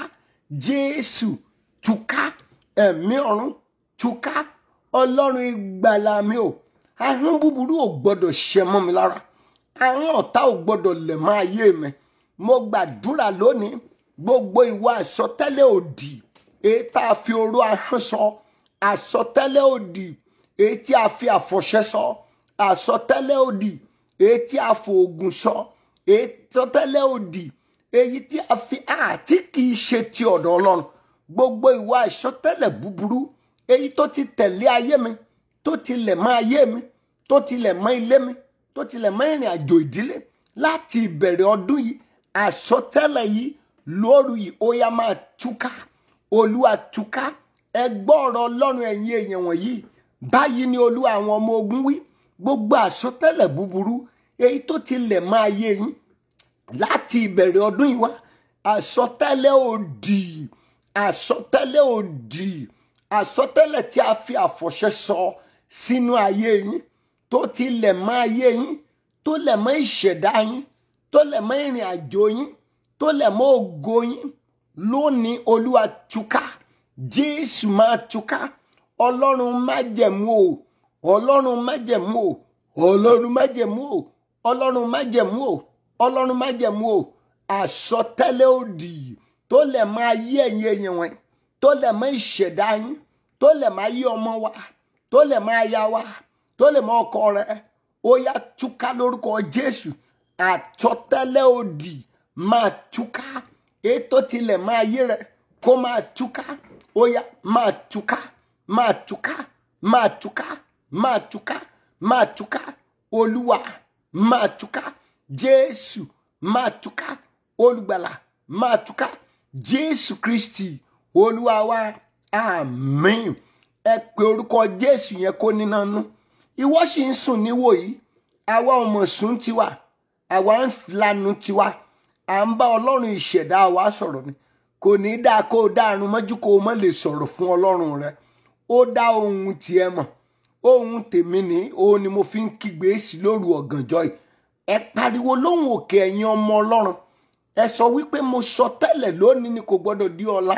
Speaker 1: jésù túká ẹ̀mí ọ̀run túká ọlọ́run ìgbàlà mi o ahọ́n búburú ò gbọ́dọ̀ ṣẹ mọ́ mi lára ahọ́n ọ̀tá ò gbọ́dọ̀ lẹ̀ mọ́ ayé mi mo gbàdúrà lónìí gbogbo ìwà àsọtẹ́lẹ̀ òdì èyí tá a fi oró ahọ́n sọ àsọtẹ́lẹ̀ òdì èyí tí a fi àfọ̀ṣẹ sọ àsọtẹ́lẹ̀ òdì èyí tí a fò ògùn sọ èyí sọtẹ́lẹ̀ òdì èyí tí a fi àti kì í ṣe ti ọ̀dọ̀ Ọlọ́run gbogbo ìwà àsọtẹ́lẹ̀ búburú èyí tó ti tẹ̀lé ayé mi tó ti lẹ̀ mọ́ ayé mi tó ti lẹ̀ mọ́ ilé mi tó ti lẹ̀ mọ́ ìrìn àjò ìdílé láti ìbẹ̀rẹ̀ ọdún yìí àsọtẹ́lẹ̀ yìí lóru yìí ó yá máa túká olúwa túká ẹ gbọ́ ọ̀rọ̀ ọlọ́run ẹ̀yin èèyàn wọ̀nyí báyìí ni olúwa àwọn ọmọ ogun wí gbogbo àsọtẹ́lẹ̀ búburú èyí tó ti lẹ̀ máa yé yín láti ìbẹ̀rẹ̀ ọdún yìí wá àsọtẹ́lẹ̀ òdì àsọtẹ́lẹ̀ òdì àsọtẹ́lẹ̀ tí a fi àfọ̀ṣẹ sọ sínú ayé yín tó ti lẹ̀ mọ́ ayé yín tó lẹ̀ mọ́ ìṣẹ̀dá yín tó lẹ̀ mọ́ ìrìn àjò yín tó lẹ̀ mọ́ ògo yín lónìí olúwa túká jésù máa túká ọlọ́run májẹ̀mú o ọlọ́run májẹ̀mú o ọlọ́run májẹ̀mú o ọlọ́run májẹ̀mú o ọlọ́run májẹ̀mú o àsọtẹ́lẹ̀ òdì tó lẹ̀ máa yí ẹ̀yin ẹ̀yìn wọn tó lẹ̀ máa ìṣẹ̀dá yín tó lẹ̀ máa yí ọmọ wa tó lẹ̀ máa ya wa tó lẹ̀ máa ọkọ rẹ̀ ó yá túká lórúkọ jésù àsọtẹ́lẹ̀ òdì máa túká ètò tilẹ̀ máa yé rẹ kó máa túká ó yá máa túká máa túká máa túká máa túká máa túká olúwa máa túká jésù máa túká olùgbàlà máa túká jésù kristi olúwa wa àmín ẹ pé orúkọ jésù yẹn kó níná nú ìwọ sùn níwò yìí àwa ò sùn tiwa àwa ń lanu tiwa à ń bá ọlọ́run ìṣẹ̀dá wa sọ̀rọ̀ ni kò ní í dáa kó o dáàrún mọ́jú kó o mọ́ lè sọ̀rọ̀ fún ọlọ́run rẹ ó dá ohun tiẹ̀ mọ̀ ohun tèmi ni òun ni mo fi ń kígbe sí lóru ọ̀gànjọ́ yìí ẹ pariwo lóhùn òkè ẹ̀yin ọmọ ọlọ́run ẹ sọ wípé mo sọ tẹ́lẹ̀ lónìí ni kò gbọ́dọ̀ di ọ̀la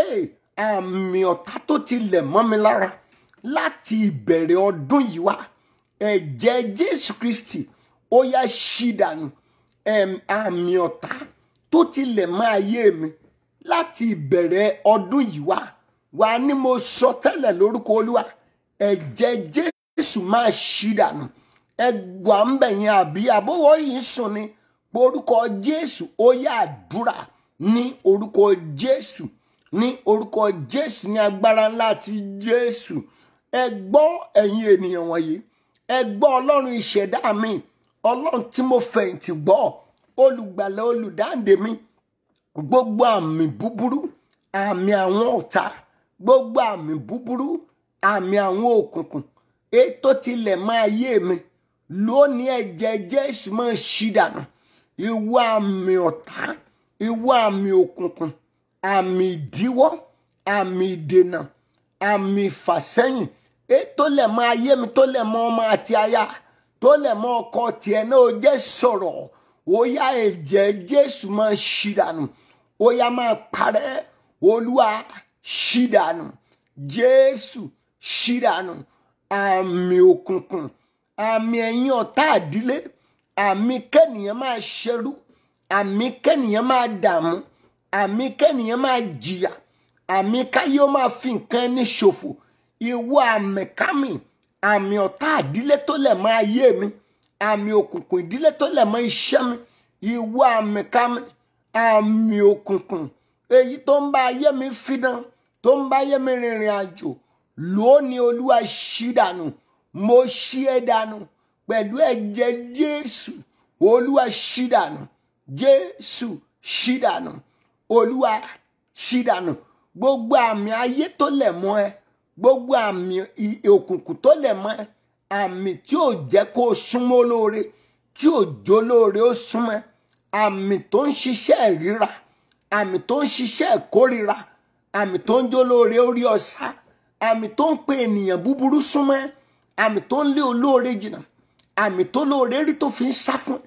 Speaker 1: ee àmì ọ̀tá tó ti lẹ̀ mọ́ mi lára láti ìbẹ̀rẹ̀ ọdún yìí wá ẹ̀jẹ̀ jésù kristi ó yá ṣí dànù àmì ọ̀tá tó tilẹ̀ máa yé mi láti ìbẹ̀rẹ̀ ọdún yìí wá wá ní mo sọ tẹ́lẹ̀ lórúkọ olúwa ẹ̀jẹ̀ jésù máa ṣí dànù ẹgbà ń bẹ̀yìn àbí àbówó yìí sùn ni pé orúkọ jésù ó yá àdúrà ní orúkọ jésù ní orúkọ jésù ní agbára ńlá ti jésù ẹ gbọ́ ẹ̀yin ènìyàn wọ̀nyí ẹ gbọ́ ọlọ́run ìṣẹ̀dá mi ọlọ́run tí mo fẹ̀yìntì gbọ́ olùgbàlà olùdáǹdè mi gbogbo àmì búburú àmì àwọn ọ̀tá gbogbo àmì búburú àmì àwọn òkùnkùn ètò tilẹ̀ máa yé mi lónìí ẹ̀jẹ̀ jésù máa ṣí dànù ìwọ àmì ọ̀tá ìwọ àmì òkùnkùn àmì ìdíwọ́ àmì ìdènà àmì ìfàsẹ́yìn ètò lẹ̀ máa yé mi tó lẹ̀ mọ́ ọmọ àti aya tó lè mọ ọkọ tiẹ̀ náà ó jẹ́ sọ̀rọ̀ ó yá ẹ̀jẹ̀ Jésù máa ṣì dànù ó yá máa parẹ́ Olúwa ṣì dànù Jésù ṣì dànù àmì òkùnkùn àmì ẹ̀yin ọ̀tá àdílé àmì kẹ́nìyàn máa ṣerú àmì kẹ́nìyàn máa dààmú àmì kẹ́nìyàn máa jìyà àmì káyé máa fi nǹkan ẹni ṣòfò ìwọ àmì kámi àmì ọ̀tá ìdílé tó lẹ̀ mọ́ ayé mi àmì òkùnkùn ìdílé tó lẹ̀ mọ́ iṣẹ́ mi ìwọ àmì kami àmì òkùnkùn èyí tó ń bá ayé mi fídán tó ń bá ayé mi rìnrìn àjò lónìí olúwa ṣí dànù mo ṣí ẹ dànù pẹ̀lú ẹ̀jẹ̀ jésù olúwa ṣí dànù jésù ṣí dànù olúwa ṣí dànù gbogbo àmì ayé tó lẹ̀ mọ́ ẹ gbogbo àmì òkùnkùn tó lẹ̀ mọ́ àmì tí ò jẹ́ kó o súnmọ́ lóore tí ò jó lóore ó súnmọ́ àmì tó ń ṣiṣẹ́ ríra àmì tó ń ṣiṣẹ́ ìkórira àmì tó ń jó lóore ó rí ọ̀sá àmì tó ń pe ènìyàn búburú súnmọ́ àmì tó ń lé olóore jìnnà àmì tó lóore rí tó fi ń sá fún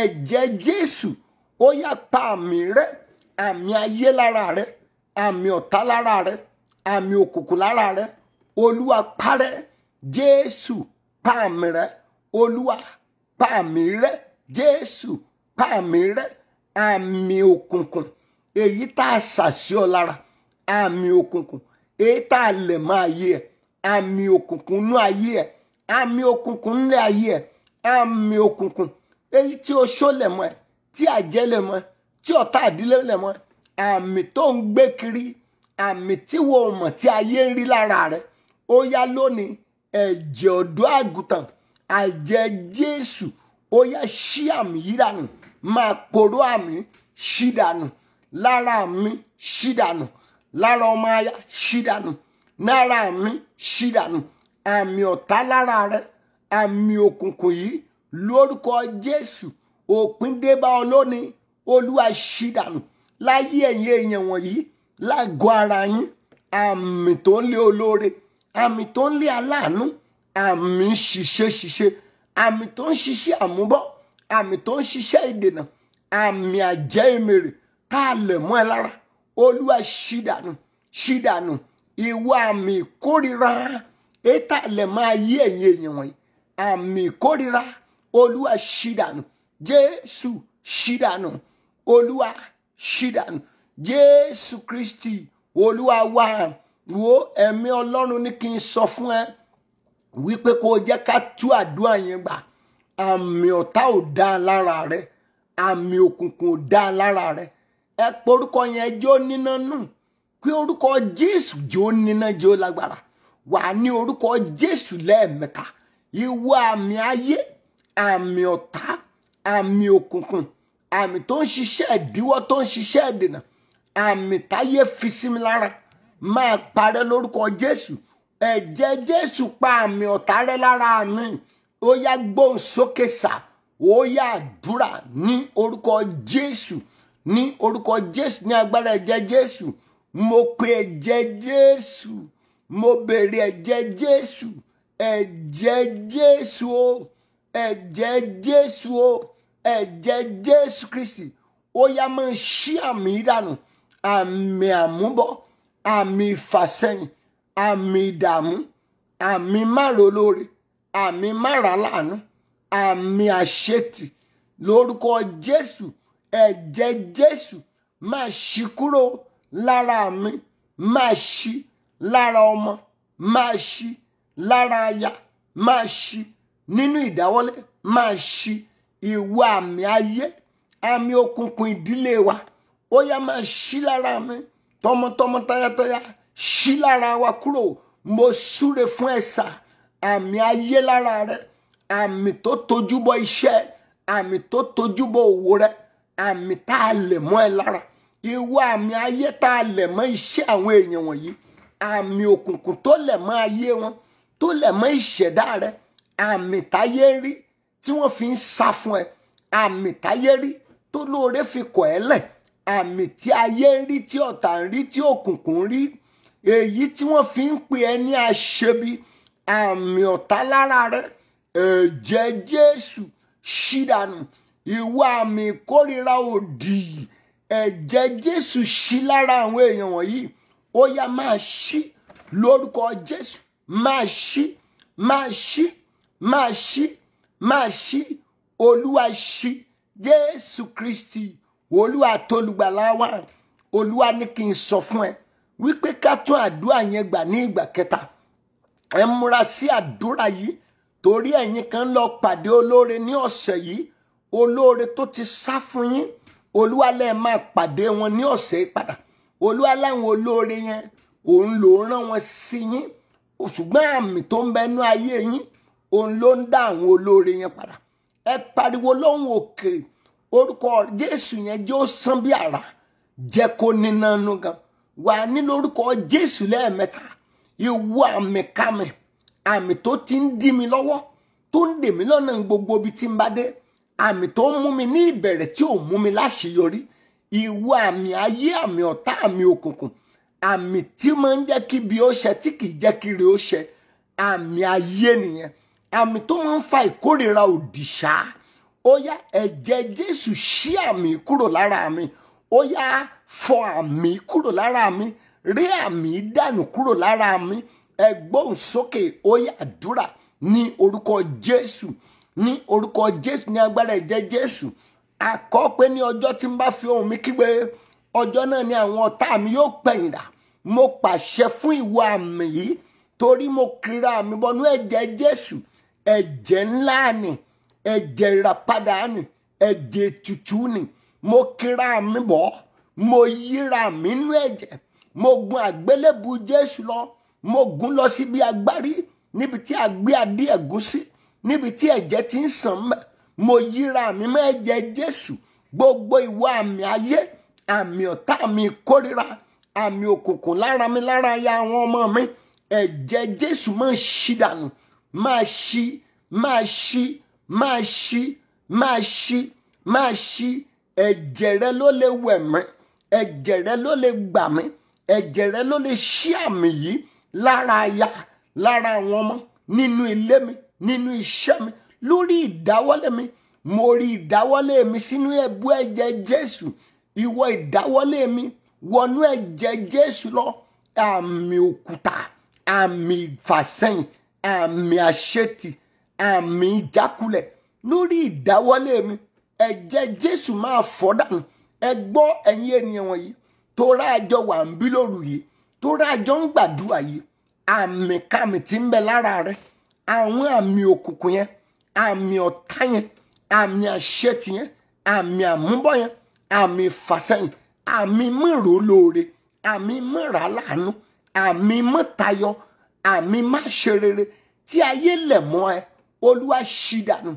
Speaker 1: ẹ̀jẹ̀ Jésù ó yá pa àmì rẹ àmì ayé lára rẹ àmì ọ̀tá lára rẹ àmì òkùnkùn lára rẹ olúwa parẹ́ jésù pàmì rẹ olúwa pàmì rẹ jésù pàmì rẹ àmì òkùnkùn èyí tá a ṣàṣì ọ lára àmì òkùnkùn èyí tá a lẹ̀ mọ́ ayé ẹ̀ àmì òkùnkùn nú ayé ẹ̀ àmì òkùnkùn ńlẹ̀ ayé ẹ̀ àmì òkùnkùn èyí tí o ṣó lẹ̀ mọ́ ẹ̀ tí àjẹ́ lẹ̀ mọ́ ẹ̀ tí ọ̀tá àdílé lẹ̀ mọ́ ẹ̀ àmì tó ń gbé kiri àmì tí wo mọ̀ tí ayé ń rí lára rẹ̀ ó yá lónìí ẹ̀jẹ̀ ọ̀dọ́ àgùntàn àjẹ́ Jésù ó yá ṣí àmì yìí dànù máa poró àmì ṣí dànù lára mi ṣí dànù lára ọmọ aya ṣí dànù lára mi ṣí dànù àmì ọ̀tá lára rẹ àmì òkùnkùn yìí lórúkọ Jésù òpin dé bá olúwa ṣí dànù láyé ẹ̀yin èèyàn wọ̀nyí lágọ̀ ara yín àmì tó ń lé olóore àmì tó ń lé aláàánú àmì ṣiṣẹ́ ṣiṣẹ́ àmì tó ń ṣiṣẹ́ àmúbọ́ àmì tó ń ṣiṣẹ́ ìdènà àmì àjẹ́ èmèrè tá a lẹ̀ ẹ lára olúwa ṣídànù ṣídànù ìwà àmì ìkórira ètà lẹ̀ máa yí ẹ̀yìn èèyàn wọ̀nyí àmì ìkórira olúwa ṣídànù jésù ṣídànù olúwa ṣídànù jésù kristi olúwa wa wo ẹ̀mí ọlọ́run ní kí n sọ fún ẹ wípé kó o jẹ́ ká tú àdúrà yẹn gbà àmì ọ̀tá ò dá lára rẹ àmì òkùnkùn ò dá lára rẹ ẹ pé orúkọ yẹn jó níná nù pé orúkọ jésù jó níná jó lágbára wà ní orúkọ jésù lẹ́ẹ̀mẹ́ta ìwọ àmì ayé àmì ọ̀tá àmì òkùnkùn àmì tó ń ṣiṣẹ́ ìdíwọ́ tó ń ṣiṣẹ́ ìdènà àmì táyé fi sí mi lára máa parẹ́ lórúkọ jésù ẹ̀jẹ̀ jésù pa àmì ọ̀tá rẹ́ lára mi ó yá gbóhùn sókè sà ó yá àdúrà ní orúkọ jésù ní orúkọ jésù ní agbára ẹ̀jẹ̀ jésù mo pe ẹ̀jẹ̀ jésù mo béèrè ẹ̀jẹ̀ jésù ẹ̀jẹ̀ jésù o ẹ̀jẹ̀ jésù o ẹ̀jẹ̀ jésù kristi ó yá máa ṣí àmì ìdànù àmì àmúbọ̀ àmì ìfàsẹ́yìn àmì ìdààmú àmì márolóore àmì máràláàánú àmì àṣetì lórúkọ jésù ẹ̀jẹ̀ jésù máa ṣí kúrò lára mi máa ṣí lára ọmọ máa ṣí lára aya máa ṣí nínú ìdáwọ́lé máa ṣí ìwà àmì ayé àmì òkùnkùn ìdílé wa ó yá máa ṣí lára mi tọmọtọmọ tayátayá ṣí lára wa kúrò mo súre fún ẹ̀sà àmì ayé lára rẹ àmì tó tojúbọ iṣẹ́ àmì tó tojúbọ òwò rẹ àmì tá a lè mọ́ ẹ lára ìwọ àmì ayé tá a lè mọ́ iṣẹ́ àwọn èèyàn wọ̀nyí àmì òkùnkùn tó lè mọ́ ayé wọn tó lè mọ́ ìṣẹ̀dá rẹ àmì táyé rí tí wọ́n fi ń sá fún ẹ àmì táyé rí tó lóore fi kọ̀ ẹ́ lẹ̀ àmì tí ayé ń rí tí ọ̀tá ń rí tí òkùnkùn ń rí èyí tí wọ́n fi ń pè ẹ́ ní aṣebi àmì ọ̀tá lára rẹ ẹ̀jẹ̀ Jésù ṣí dànù ìwà àmì ìkórira òdì ẹ̀jẹ̀ Jésù ṣí lára àwọn èèyàn wọ̀nyí ó yá máa ṣí lórúkọ Jésù máa ṣí máa ṣí máa ṣí máa ṣí olúwa ṣí Jésù Kristi olúwa tolùgbàlà wa olúwa ní kí n sọ fún ẹ wípé ká tún àdúrà yẹn gbà ní ìgbà kẹta ẹ múra sí àdúrà yìí torí ẹ̀yin kan lọ pàdé olóore ní ọ̀sẹ̀ yìí olóore tó ti sá fún yín olúwa lẹ máa pàdé wọn ní ọ̀sẹ̀ padà olúwa láwọn olóore yẹn òun ló rán wọn sí yín ṣùgbọ́n àmì tó ń bẹnu ayé yín òun ló ń dá àwọn olóore yẹn padà ẹ pariwo lóhùn òkè orúkọ jésù yẹn jẹ́ ó sán bí àrà jẹ́ kó níná nú gan wà ní lórúkọ jésù lẹ́ẹ̀mẹ́ta ìwọ àmì kàmì àmì tó ti ń dí mi lọ́wọ́ tó ń dè mí lọ́nà gbogbo ibi tí ń bá dé àmì tó ń mú mi ní ìbẹ̀rẹ̀ tí ò mú mi láṣeyọrí ìwọ àmì ayé àmì ọ̀tá àmì òkùnkùn àmì tí máa ń jẹ́ kí ibi ó ṣe tí kì í jẹ́ kí ire ó ṣe àmì ayé nìyẹn àmì tó máa ń fa ìkórìíra òdìṣà ó yá ẹ̀jẹ̀ jésù ṣí àmì kúrò lára mi ó yá fọ àmì kúrò lára mi rí àmì dànù kúrò lára mi ẹ gbóhùn sókè ó yá àdúrà ní orúkọ jésù ní orúkọ jésù ní agbára ẹ̀jẹ̀ jésù àkọ́pẹ́ ní ọjọ́ tí n bá fi ohùn mi kígbe ọjọ́ náà ni àwọn ọ̀tá mi yóò pẹ̀yìn dà mo pàṣẹ fún ìwọ àmì yìí torí mo kiri àmì bọnú ẹ̀jẹ̀ jésù ẹ̀jẹ̀ ńlá ni ẹ̀jẹ̀ ìràpadà ni ẹ̀jẹ̀ ètùtù ni mo kíra mi bọ́ mo yíra mi nú ẹ̀jẹ̀ mo gun àgbélébù jésù lọ mo gun lọ síbi agbárí níbi tí a gbé adé ẹ̀gúsí níbi tí ẹ̀jẹ̀ ti ń sàn mẹ́ mo yíra mi mọ́ ẹ̀jẹ̀ jésù gbogbo ìwà àmì ayé àmì ọ̀tá mi kórìíra àmì òkùnkùn lára mi lára ya àwọn ọmọ mi ẹ̀jẹ̀ jésù máa ń ṣí dànù máa ṣí máa ṣí máa ṣí máa ṣí máa ṣí ẹ̀jẹ̀ rẹ ló lè wẹ̀ mí ẹ̀jẹ̀ rẹ ló lè gbà mí ẹ̀jẹ̀ rẹ ló lè ṣí àmì yìí lára aya lára àwọn ọmọ nínú ilé mi nínú iṣẹ́ mi lórí ìdáwọ́lé mi mo rí ìdáwọ́lé mi sínú ẹ̀bú ẹ̀jẹ̀ Jésù ìwọ ìdáwọ́lé mi wọnú ẹ̀jẹ̀ Jésù lọ àmì òkúta àmì ìfàsẹ́yìn àmì àṣetì àmì ìjákulẹ̀ lórí ìdáwọ́lé mi ẹ̀jẹ̀ Jésù máa fọ́ dànù ẹ gbọ́ ẹ̀yin ènìyàn wọ̀nyí tó rájọ wà ń bí lóru yìí tó rájọ ń gbàdúrà yìí àmì kàmì tí ń bẹ lára rẹ àwọn àmì òkùnkùn yẹn àmì ọ̀tá yẹn àmì àṣetì yẹn àmì àmúbọ̀ yẹn àmì ìfàsẹ́yìn àmì mọ̀rọ̀ lóore àmì mọ̀rà láàánú àmì mọ̀tayọ àmì máṣerere tí ayé lẹ̀ mọ́ ẹ olúwa ṣì dànù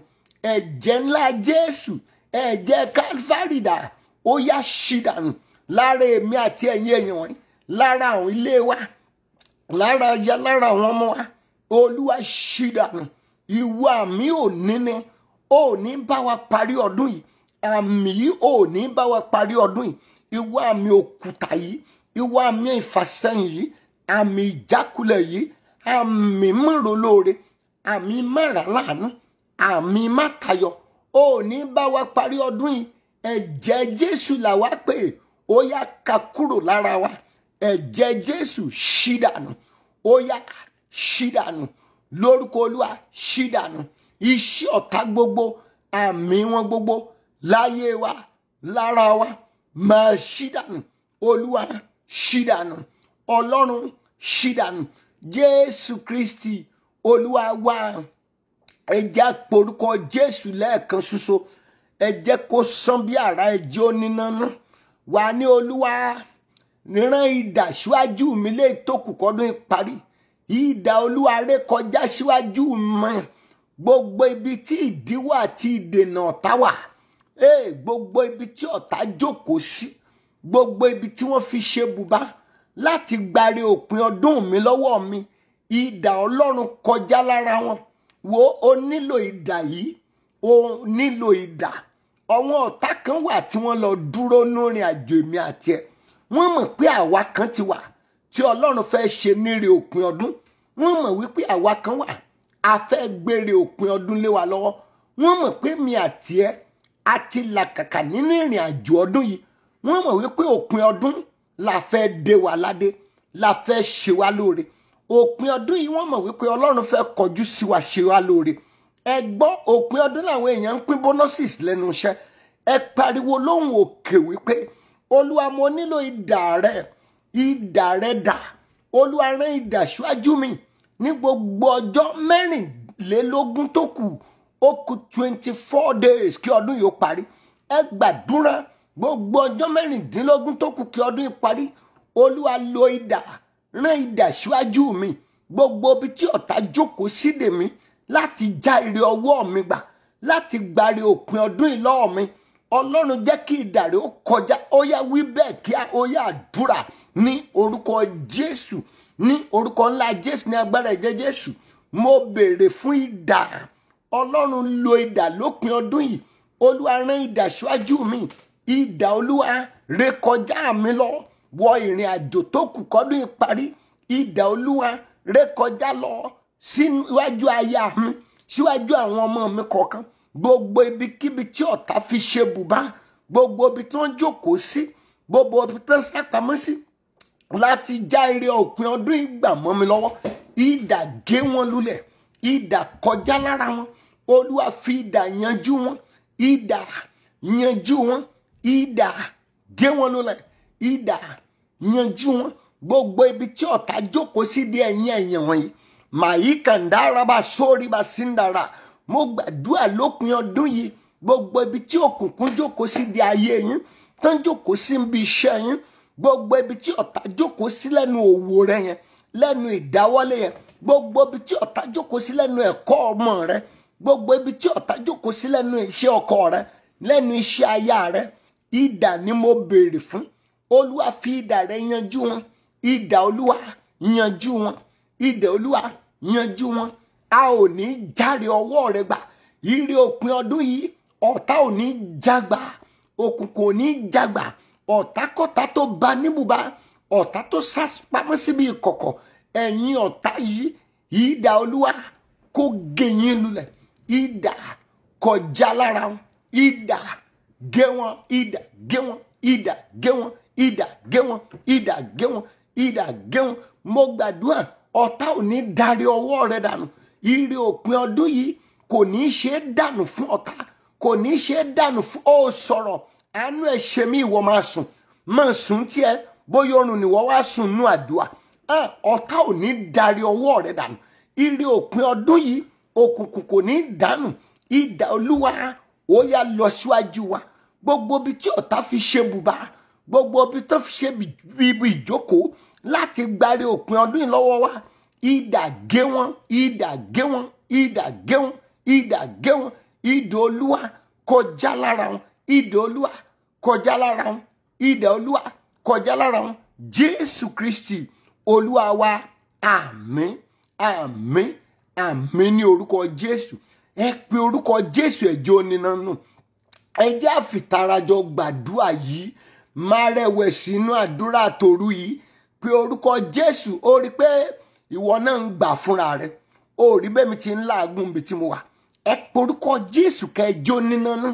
Speaker 1: ẹ̀jẹ̀ ńlá jésù ẹ̀jẹ̀ calvary dà ó yá ṣì dànù lára èmi àti ẹ̀yin èèyàn wọ̀nyí lára àwọn ilé wa lára ya lára àwọn ọmọ wa olúwa ṣì dànù ìwọ àmì òní ni òní bá wa parí ọdún yìí àmì yìí òní bá wa parí ọdún yìí ìwọ àmì òkúta yìí ìwọ àmì ìfàsẹ́yìn yìí àmì ìjákulẹ̀ yìí àmì mìíràn lóore àmì mẹ́rà láàánú àmì mákayọ̀ ò ní bá wa parí ọdún yìí ẹ̀jẹ̀ Jésù làwa pè ó yá ka kúrò lára wa ẹ̀jẹ̀ Jésù ṣí dànù ó yá ṣí dànù lórúkọ Olúwa ṣí dànù iṣẹ́ ọ̀tá gbogbo àmì wọn gbogbo láyé wa lára wa máa ṣí dànù Olúwa ṣí dànù Ọlọ́run ṣí dànù Jésù Kristi olúwa wa ẹ jẹ́ porúkọ jésù lẹ́ẹ̀kan ṣoṣo ẹ jẹ́ kó sán bí àrá ẹjẹ onínáná wà ní olúwa rán idà síwájú mi lè tó kù kọ́dún parí idà olúwa ré kọjá síwájú mi gbogbo ibi tí ìdíwọ́ àti ìdènà ọ̀tá wà ee gbogbo ibi tí ọ̀tá jókòó sí gbogbo ibi tí wọ́n fi ṣe bùbá láti gbárí òpin ọdún mi lọ́wọ́ mi idà ọlọ́run kọjá lára wọn wo o nílò idà yìí o nílò idà àwọn ọ̀tá kan wà tí wọ́n lọ dúró lórin àjò èmi àti ẹ̀ wọ́n mọ̀ pé àwa kan ti wà tí ọlọ́run fẹ́ ṣe nírè òpin ọdún wọ́n mọ̀ wípé àwa kan wà a fẹ́ gbére òpin ọdún lé wa lọ́wọ́ wọ́n mọ̀ pé mi àti ẹ̀ a ti làkàkà nínú ìrìn àjò ọdún yìí wọ́n mọ̀ wípé òpin ọdún la fẹ́ dé wa ládé la fẹ́ ṣe wa lóore òpin ọdún yìí wọ́n mọ̀ wípé ọlọ́run fẹ́ kọjú sí wa ṣe wa lóore ẹ gbọ́ òpin ọdún làwọn èèyàn ń pín bonuses lẹ́nu iṣẹ́ ẹ pariwo lóhùn òkè wípé olúwa mo nílò idà rẹ idà rẹ dà olúwa rán idà ṣáájú mi ní gbogbo ọjọ́ mẹ́rìnlélógún tó kù ó kù twenty four days kí ọdún yóò parí ẹ gbàdúrà gbogbo ọjọ́ mẹ́rìndínlógún tó kù kí ọdún yìí parí olúwa lo idà rán idà síwájú mi gbogbo ibi tí ọ̀tá jókòó sídè mi láti já ire ọwọ́ mi gbà láti gbàre òpin ọdún yìí lọ́wọ́ mi ọlọ́run jẹ́ kí ìdàrí ó kọjá ó yá wí bẹ́ẹ̀ kí ó yá àdúrà ní orúkọ jésù ní orúkọ ńlá jésù ní agbára ẹ̀jẹ̀ jésù mo béèrè fún idà ọlọ́run lo idà lópin ọdún yìí olúwa rán idà mi idà olúwa rékọjá mi lọ wọ ìrìn àjò tó kù kọ́dún ìparí idà olúwa rékọjá lọ síwájú aya mi síwájú àwọn ọmọ mi kọ̀ọ̀kan gbogbo ibikíbi tí ọ̀tá fi ṣe bùbá gbogbo ibi tí wọ́n jókòó sí gbogbo ibi tí wọ́n sápamọ́ sí láti já ire òpin ọdún ìgbà mọ́ mi lọ́wọ́ idà gé wọn lulẹ̀ idà kọjá lára wọn olúwa fi idà yanjú wọn idà yanjú wọn idà gé wọn lulẹ̀ ìdá yanjú wọn gbogbo ibi tí ọ̀tá jókòó sí di ẹ̀yìn ẹ̀yìn wọ̀nyí màyí kàndára bá sórí bá síndara mo gbàdúrà lópin ọdún yìí gbogbo ibi tí òkùnkùn jókòó sí di ayé yín tán jókòó sí ibi iṣẹ́ yín gbogbo ibi tí ọ̀tá jókòó sí lẹ́nu òwò rẹ yẹn lẹ́nu ìdáwọ́lé yẹn gbogbo ibi tí ọ̀tá jókòó sí lẹ́nu ẹ̀kọ́ ọmọ rẹ gbogbo ibi tí ọ̀tá jókòó sí lẹ́nu iṣẹ́ ọkọ rẹ lẹ́nu iṣẹ́ aya rẹ ìdà ni mo béèrè fún olúwa fi idà rẹ yanjú wọn idà olúwa yanjú wọn idà olúwa yanjú wọn a ò ní járe ọwọ́ rẹ gbà ire òpin ọdún yìí ọ̀tá ò ní jágbà òkùnkùn ò ní jágbà ọ̀tákọ́tá tó ba níbùba ọ̀tá tó sá pamọ́ síbi ìkọ̀kọ̀ ẹ̀yin ọ̀tá yìí idà olúwa kó gé lulẹ̀ idà kọjá lára wọn idà gé wọn idà gé wọn idà gé wọn idà gé wọn idà gé wọn idà gé wọn mo gbàdúrà ọ̀tá ò ní darí ọwọ́ rẹ dànù ire òpin ọdún yìí kò ní í ṣe é dànù fún ọ̀tá kò ní í ṣe é dànù fún ó sọ̀rọ̀ àánú ẹ̀ ṣe mí ìwọ máa sùn máa sùn tiẹ̀ bóyá oorun nìwọ wá sùn nú àdúrà ọ̀tá ò ní darí ọwọ́ rẹ dànù ire òpin ọdún yìí òkùnkùn kò ní dànù idà olúwa ó yá lọ síwájú wa gbogbo ibi tí ọ̀tá fi ṣe bùbá gbogbo ibi tó fi ṣe ibi ìjókòó láti gbari òpin ọdún yìí lọ́wọ́ wa ìdà gé wọn ìdà gé wọn ìdà gé wọn ìdà gé wọn ìdà olúwa kọjá lára wọn ìdà olúwa kọjá lára wọn ìdà olúwa kọjá lára wọn jésù kristi olúwa wa àmín àmín àmín ní orúkọ jésù ẹ pe orúkọ jésù ẹjọ onínàánú ẹ jẹ́ àfìtarajọ gbàdúrà yìí máa rẹ̀wẹ̀sì inú àdúrà tòru yìí pé orúkọ jésù ó rí pé ìwọ náà ń gbà fúnra rẹ ó rí bẹ́ẹ̀ mi ti ń làágùn ibi tí mo wà ẹ porúkọ jésù kẹjọ nínáná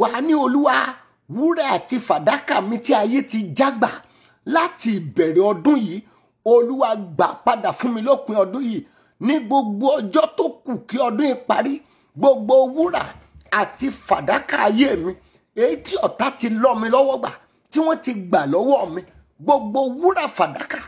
Speaker 1: wà ní olúwa wúrà àti fàdákà mi tí ayé ti jágbà láti ìbẹ̀rẹ̀ ọdún yìí olúwa gbà padà fún mi lópin ọdún yìí ní gbogbo ọjọ́ tó kù kí ọdún yìí parí gbogbo wúrà àti fàdákà ayé mi èyí tí ọ̀tá ti lọ́ mi lọ́wọ́ gbà tí wọ́n ti gbà lọ́wọ́ mi gbogbo wúrà fàdákà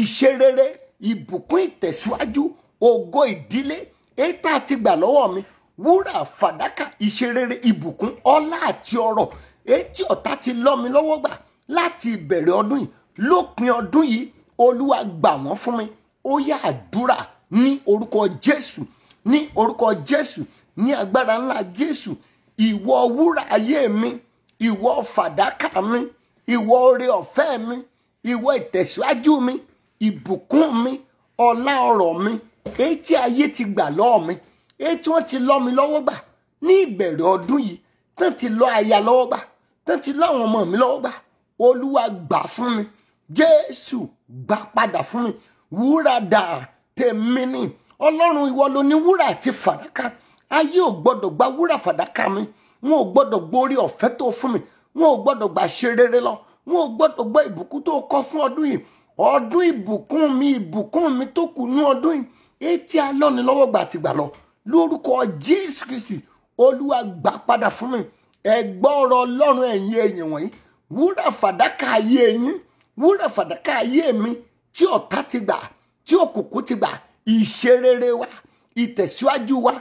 Speaker 1: ìṣerere ìbùkún ìtẹ̀síwájú ògo ìdílé èyí tá a ti gbà lọ́wọ́ mi wúrà fàdákà ìṣerere ìbùkún ọlá àti ọrọ̀ èyí tí ọ̀tá ti lọ́ mi lọ́wọ́ gbà láti ìbẹ̀rẹ̀ ọdún yìí lópin ọdún yìí olúwa gbà wọ́n fún mi ó yá àdúrà ní orúkọ jésù ní orúkọ jésù ní agbára ńlá jésù ìwọ wúrà ayé mi ìwọ fàdákà mi ìwọ oore ọ̀fẹ́ mi ìwọ ìtẹ̀síwájú mi ìbùkún mi ọlá ọrọ̀ mi èyí tí ayé ti gbà lọ́wọ́ mi èyí tí wọ́n ti lọ́ mi lọ́wọ́ gbà ní ìbẹ̀rẹ̀ ọdún yìí tán ti lọ́ aya lọ́wọ́ gbà tán ti lọ́ àwọn ọmọ mi lọ́wọ́ gbà olúwa gbà fún mi jésù gbà padà fún mi wúrà dà tèmi ni ọlọ́run ìwọ ló ní wúrà àti fàdákà ayé ò gbọ́dọ̀ gba wúrà fàdákà mi wọn ò gbọ́dọ̀ gbórí ọ̀fẹ́ tó fún mi wọn ò gbọ́dọ̀ gbà ṣe rere lọ wọn ò gbọ́dọ̀ gbọ́ ìbùkún tó kọ fún ọdún yìí ọdún ìbùkún mi ìbùkún mi tó kù ní ọdún yìí etí alọ́ni lọ́wọ́ gbà ti lọ lórúkọ Jésù Kristi olúwa gbà padà fún mi ẹ gbọ́ ọ̀rọ̀ ọlọ́run ẹ̀yin ẹ̀yìn wọ̀nyí wúrà fàdákà ayé ẹ̀yin wúrà fàdákà ayé mi tí ọ̀tá ti gbà tí òkùnkùn ti gbà ìṣerere wa ìtẹ̀síwájú wa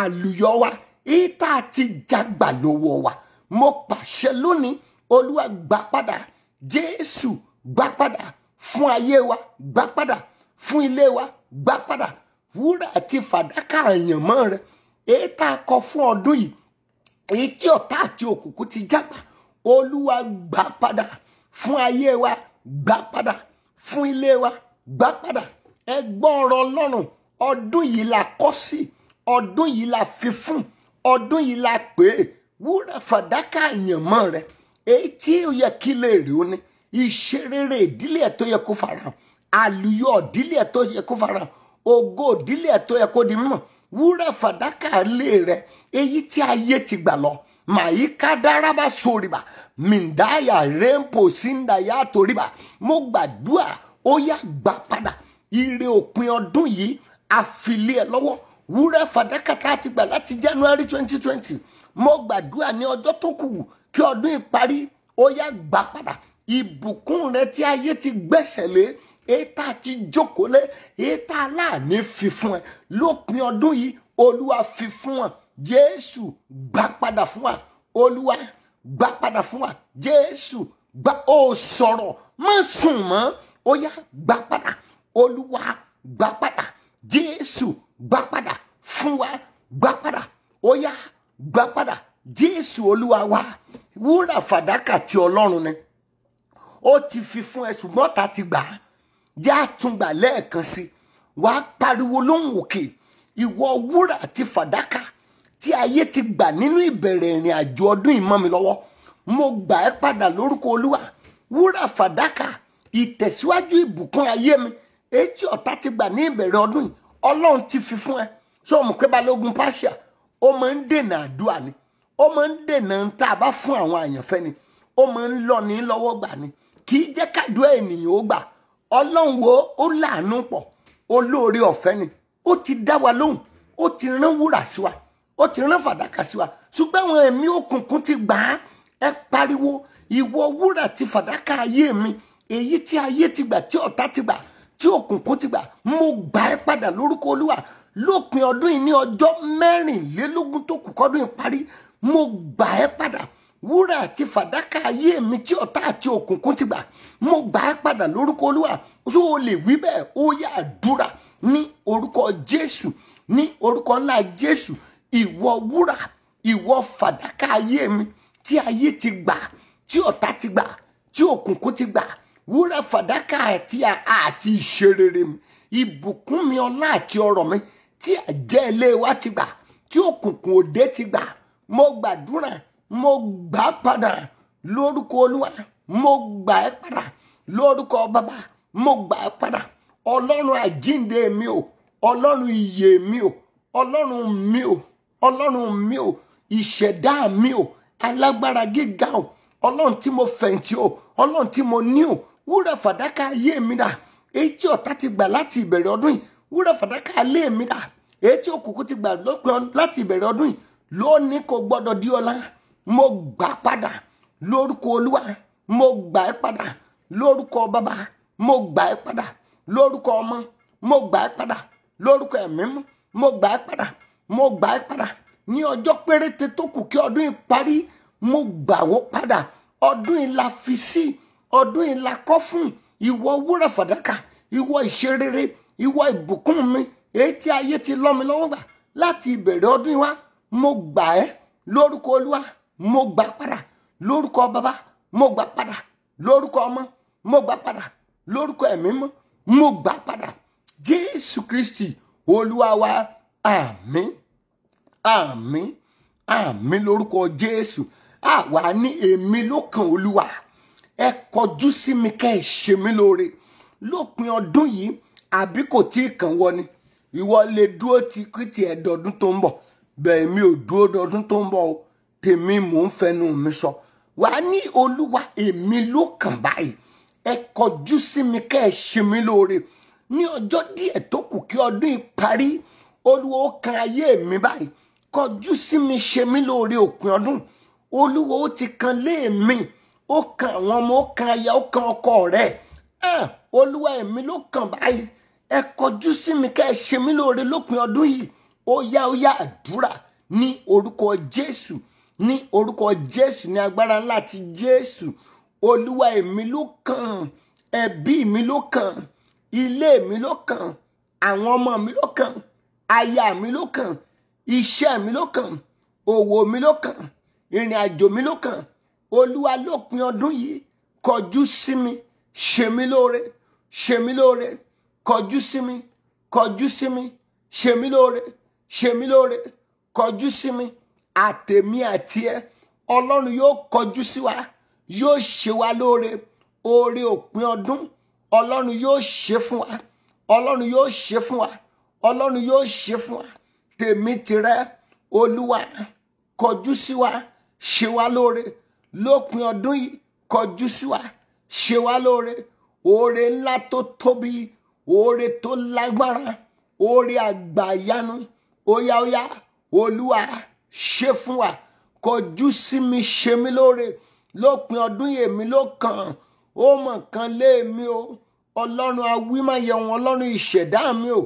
Speaker 1: àlùyọ wa ìta ti jágbà lọ́wọ́ wa mo pàṣẹ lónìí olúwa gbà padà jésù gbà padà fún ayé wa gbà padà fún ilé wa gbà padà wúrà àti fàdákà àyànmọ́ rẹ èyí tá a kọ fún ọdún yìí èyí ọ̀tá àti òkùnkùn ti jápa olúwa gbà padà fún ayé wa gbà padà fún ilé wa gbà padà ẹ ọ̀rọ̀ ọlọ́run ọdún yìí la kọ sí ọdún yìí la fi fún ọdún yìí la pè é wúrà fàdákà àyànmọ́ rẹ èyí tí ó yẹ kí lè rí o ní ìṣerere ìdílé ẹ̀ tó yẹ kó farahàn àlùyọ ìdílé ẹ̀ tó yẹ kó farahàn ògo ìdílé ẹ̀ tó yẹ kó di mọ̀ wúrà fàdákà lè rẹ èyí tí ayé ti gbà lọ màyíká dáraba sóríba mìndáyà rẹ́ǹpò síndàyà toríba mo gbàdúrà ó yá gbà padà ire òpin ọdún yìí àfilé lọ́wọ́ wúrà fàdákà tá a ti gbà láti January twenty twenty mo gbàdúrà ní ọjọ́ tó kù kí ọdún ìparí ó yá gbà padà ìbùkún rẹ tí ayé ti gbẹ́sẹ̀ lé ètà ti jókòó lé ètà aláàní fi fún ẹ lópin ọdún yìí olúwa fi fún wa jésù gbà padà fún wa olúwa gbà padà fún wa jésù gbà ó sọ̀rọ̀ má sùn mọ́ ó yá gbà padà olúwa gbà padà jésù gbà padà fún wa gbà padà ó yá gbá padà jésù olúwa wa wúrà fàdákà ti ọlọ́run ni ó ti fi fún ẹ ṣùgbọ́n ta ti gbà á jẹ́ àtúngbà lẹ́ẹ̀kan sí i wà á pariwo lóhùn òkè ìwọ wúrà ti fàdákà tí ayé ti gbà nínú ìbẹ̀rẹ̀ ìrìn àjò ọdún ìmọ̀ mi lọ́wọ́ mo gbà ẹ́ padà lórúkọ olúwa wúrà fàdákà ìtẹ̀síwájú ìbùkún ayé mi etí ọ̀tá ti gbà ní ìbẹ̀rẹ̀ ọdún yìí ọlọ́run ti fi fún ẹ sọ pé balógun pàṣẹ ó máa ń dènà àdúrà ni ó máa ń dènà tá a bá fún àwọn àyànfẹ́ ni ó máa ń lọ ní lọ́wọ́ gbà ni kì í jẹ́ kádùá ènìyàn ó gbà ọlọ́run wo ó láàánú pọ̀ olóore ọ̀fẹ́ ni ó ti dá wa lóhùn ó ti rán wúrà sí wa ó ti rán fàdákà sí wa ṣùgbọ́n àwọn ẹ̀mí òkùnkùn ti gbà á ẹ pariwo ìwọ wúrà ti fàdákà ayé mi èyí tí ayé ti gbà tí ọ̀tá ti gbà tí òkùnkùn ti gbà mo gbà ẹ́ padà lórúkọ olúwa lópin ọdún yìí ní ọjọ́ mẹ́rìnlélógún tó kù kọ́dún yìí parí mo gbà ẹ́ padà wúrà àti fàdákà ayé mi tí ọ̀tá àti òkùnkùn ti gbà mo gbà ẹ́ padà lórúkọ olúwa tó o lè wí bẹ́ẹ̀ ó yá àdúrà ní orúkọ jésù ní orúkọ ńlá jésù ìwọ wúrà ìwọ fàdákà ayé mi tí ayé ti gbà tí ọ̀tá ti gbà tí òkùnkùn ti gbà wúrà fàdákà àti àti ìṣerere mi ìbùkún mi ọlá àti ọrọ̀ mi tí àjẹ́ ilé wa ti gbà tí òkùnkùn òde ti gbà mo gbàdúrà mo gbà padà lórúkọ olúwa mo gbà ẹ́ padà lórúkọ bàbá mo gbà ẹ́ padà ọlọ́run àjíǹde mi o ọlọ́run ìyè mi o ọlọ́run mi o ọlọ́run mi o ìṣẹ̀dá mi o alágbára gíga o ọlọ́run tí mo fẹ̀yìntì o ọlọ́run tí mo ní o wúrà fàdákà ayé mi dà èyí tí ọ̀tá ti gbà láti ìbẹ̀rẹ̀ ọdún yìí wúrà fàdákà lé mi dà èyí tí òkùnkùn ti gbà lópin láti ìbẹ̀rẹ̀ ọdún yìí lónìí kò gbọ́dọ̀ di ọ̀la mo gbà padà lórúkọ olúwa mo gbà ẹ́ padà lórúkọ bàbá mo gbà ẹ́ padà lórúkọ ọmọ mo gbà ẹ́ padà lórúkọ ẹ̀mí mo gbà ẹ́ padà mo gbà ẹ́ padà ní ọjọ́ péréte tó kù kí ọdún yìí parí mo gbà wó padà ọdún yìí la fi sí ọdún yìí la kọ́ fún ìwọ wúrà fàdákà ìwọ ìṣerere ìwọ ìbùkún mi èyí tí ayé ti lọ́ mi lọ́wọ́ gbà láti ìbẹ̀rẹ̀ ọdún yìí wá mo gbà ẹ́ lórúkọ olúwa mo gbà padà lórúkọ bàbá mo gbà padà lórúkọ ọmọ mo gbà padà lórúkọ ẹ̀mí mọ́ mo gbà padà jésù kristi olúwa wa àmín àmín àmín lórúkọ jésù àwa ní èmi lókàn olúwa ẹ kọjú sí mi kẹ́ ẹ ṣe mí lóore lópin ọdún yìí àbí kò tí ì kàn wọ ni ìwọ lè dúró ti kí tiẹ̀ dọ̀dún tó ń bọ̀ bẹ́ẹ̀ mi ò dúró dọ̀dún tó ń bọ̀ o tèmi mò ń fẹnu mi sọ wà á ní olúwa èmi ló kàn báyìí ẹ kọjú sí mi kẹ́ ẹ ṣe mí lóore ní ọjọ́ díẹ̀ tó kù kí ọdún yìí parí olúwa kan ayé mi báyìí kọjú sí mi ṣe mí lóore òpin ọdún olúwa ti kan lé mi ó kan àwọn ọmọ ó kan aya ó kan ọkọ rẹ̀ olúwa ẹ̀mí ló kàn báyìí ẹ kọjú sí mi kẹ́ ẹ ṣe mí lóore lópin ọdún yìí ó yá ó yá àdúrà ní orúkọ jésù ní orúkọ jésù ní agbára ńlá ti jésù olúwa ẹ̀mí ló kàn ẹbí mi ló kàn ilé mi ló kàn àwọn ọmọ mi ló kàn aya mi ló kàn iṣẹ́ mi ló kàn òwò mi ló kàn ìrìn àjò mi ló kàn olúwa lópin ọdún yìí kọjú sí mi ṣe mí lóore ṣe mí lóore kọjú sí mi kọjú sí mi ṣe mí lóore ṣe mí lóore kọjú sí mi àtèmi àti ẹ ọlọ́run yóò kọjú sí wa yóò ṣe wa lóore oore òpin ọdún ọlọ́run yóò ṣe fún wa ọlọ́run yóò ṣe fún wa ọlọ́run yóò ṣe fún wa tèmi tìrẹ olúwa kọjú sí wa ṣe wa lóore lópin ọdún yìí kọjú sí wa ṣe wa lóore oore ńlá tó tóbi oore tó lágbára oore àgbàyanu óyáóyá olúwa ṣe fún wa kọjú sí mi ṣe mí lóore lópin ọdún èmi ló kàn ó mọ̀ kan lé mi o ọlọ́run awímáyẹun ọlọ́run ìṣẹ̀dá mi o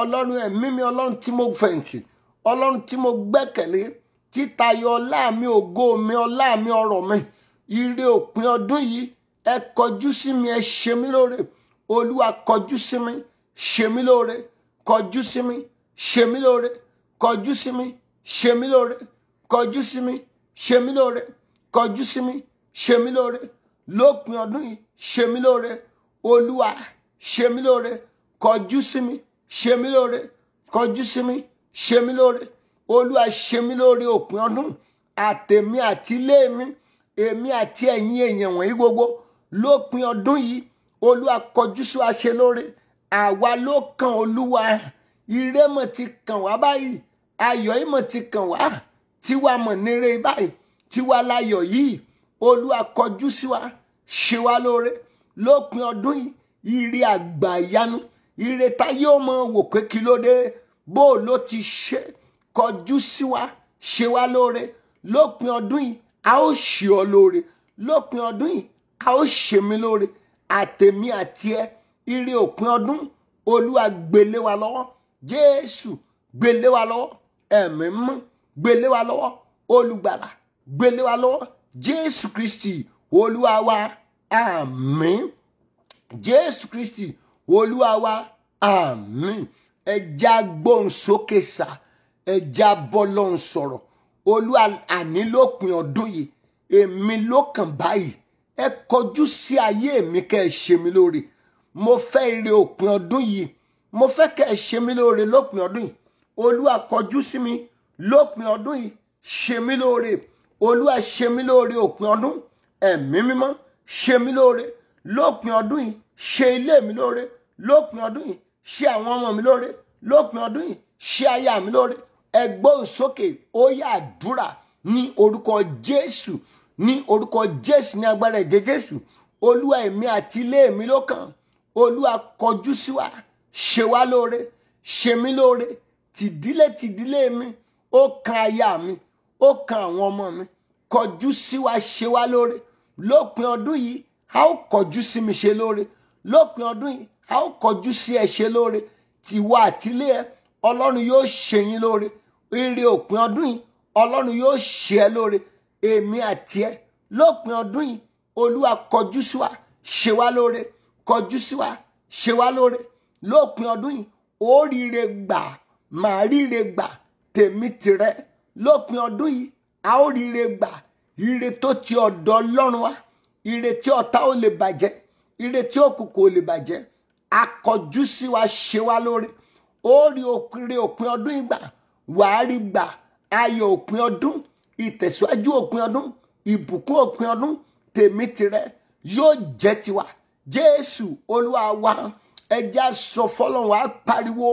Speaker 1: ọlọ́run ẹ̀mí mi ọlọ́run tí mo fẹ̀yìntì ọlọ́run tí mo gbẹ́kẹ̀lé títayọ ọlá mi ògo mi ọlá mi ọrọ̀ mi ire òpin ọdún yìí ẹ kọjú sí mi ẹ ṣe mí lóore olúwa kọjú sí mi ṣe mí lóore kọjú sí mi ṣe mí lóore kọjú sí mi ṣe mí lóore kọjú sí mi ṣe mí lóore kọjú sí mi ṣe mí lóore lópin ọdún yìí ṣe mí lóore olúwa ṣe mí lóore kọjú sí mi ṣe mí lóore kọjú sí mi ṣe mí lóore olúwa ṣe mí lóore òpin ọdún àtèmi àti ilé mi èmi àti ẹ̀yin èèyàn wọ̀nyí gbogbo lópin ọdún yìí olúwa kọjúṣu aṣelóore àwa ló kan olúwa ire mọ̀ ti kàn wá báyìí ayọ̀ ìmọ̀ ti kàn wá tiwa mọ̀ nire báyìí tiwa láyọ̀ yìí olúwa kọjúṣu wa ṣe wá lóore lópin ọdún yìí ire àgbà ìyanu ire ta yóò mọ wò pé kí ló dé bó ló ti ṣe kọjú wa ṣe wá lóore lópin ọdún yìí a ó ṣe ọ lóore lópin ọdún yìí a ó ṣe mí lóore àtèmi àti ẹ ire òpin ọdún olúwa gbélé wa lọ́wọ́ jésù gbélé wa lọ́wọ́ ẹ̀mí mímọ́ gbélé wa lọ́wọ́ olùgbàlà gbélé wa lọ́wọ́ jésù kristi olúwa wa àmín jésù kristi olúwa wa àmín ẹja gbóhùn sá ẹja bọ́lọ́hùn sọ̀rọ̀ olúwa àní ọdún yìí èmi ló báyìí ẹ kọjú sí ayé mi kẹ́ ẹ ṣe mi lóore mo fẹ́ ire òpin ọdún yìí mo fẹ́ kẹ́ ẹ ṣe mi lóore lópin ọdún yìí olúwa kọjú sí mi lópin ọdún yìí ṣe mi lóore olúwa ṣe mi lóore òpin ọdún ẹ̀mí mímọ́ ṣe mi lóore lópin ọdún yìí ṣe ilé mi lóore lópin ọdún yìí ṣe àwọn ọmọ mi lóore lópin ọdún yìí ṣe aya mi lóore ẹ sókè ó yá àdúrà ní orúkọ jésù ní orúkọ jésù ní agbára ẹ̀jẹ̀ jésù olúwa èmi àti ilé mi ló kàn olúwa kọjú sí wa ṣe wá lóore ṣe mí lóore tìdílé tìdílé mi ó kan aya mi ó kan àwọn ọmọ mi kọjú sí wa ṣe wá lóore lópin ọdún yìí a ó kọjú sí mi ṣe lóore lópin ọdún yìí a ó kọjú sí ẹ ṣe lóore tìwọ àtìlé ẹ ọlọ́run yóò ṣe yín lóore ire òpin ọdún yìí ọlọ́run yóò ṣe ẹ lóore èmi àti ẹ lópin ọdún yìí olúwa kọjú sí wa ṣe wá lóore kọjú sí wa ṣe wá lóore lópin ọdún yìí oríire gbà màá ríire gbà tèmi tìrẹ lópin ọdún yìí a ó ríire gbà ire tó ti ọ̀dọ̀ ọlọ́run wá ire tí ọ̀tá ò lè bàjẹ́ ire tí òkùnkùn ò lè bàjẹ́ akọjú sí wa ṣe wá lóore ó òpin òpin ọdún ìgbà wàá rí gbà ayọ̀ òpin ọdún ìtẹ̀síwájú òpin ọdún ìbùkún òpin ọdún tèmi tirẹ̀ yóò jẹ́ tiwa jésù olúwa wa ẹja sọ fọlọ́run á pariwo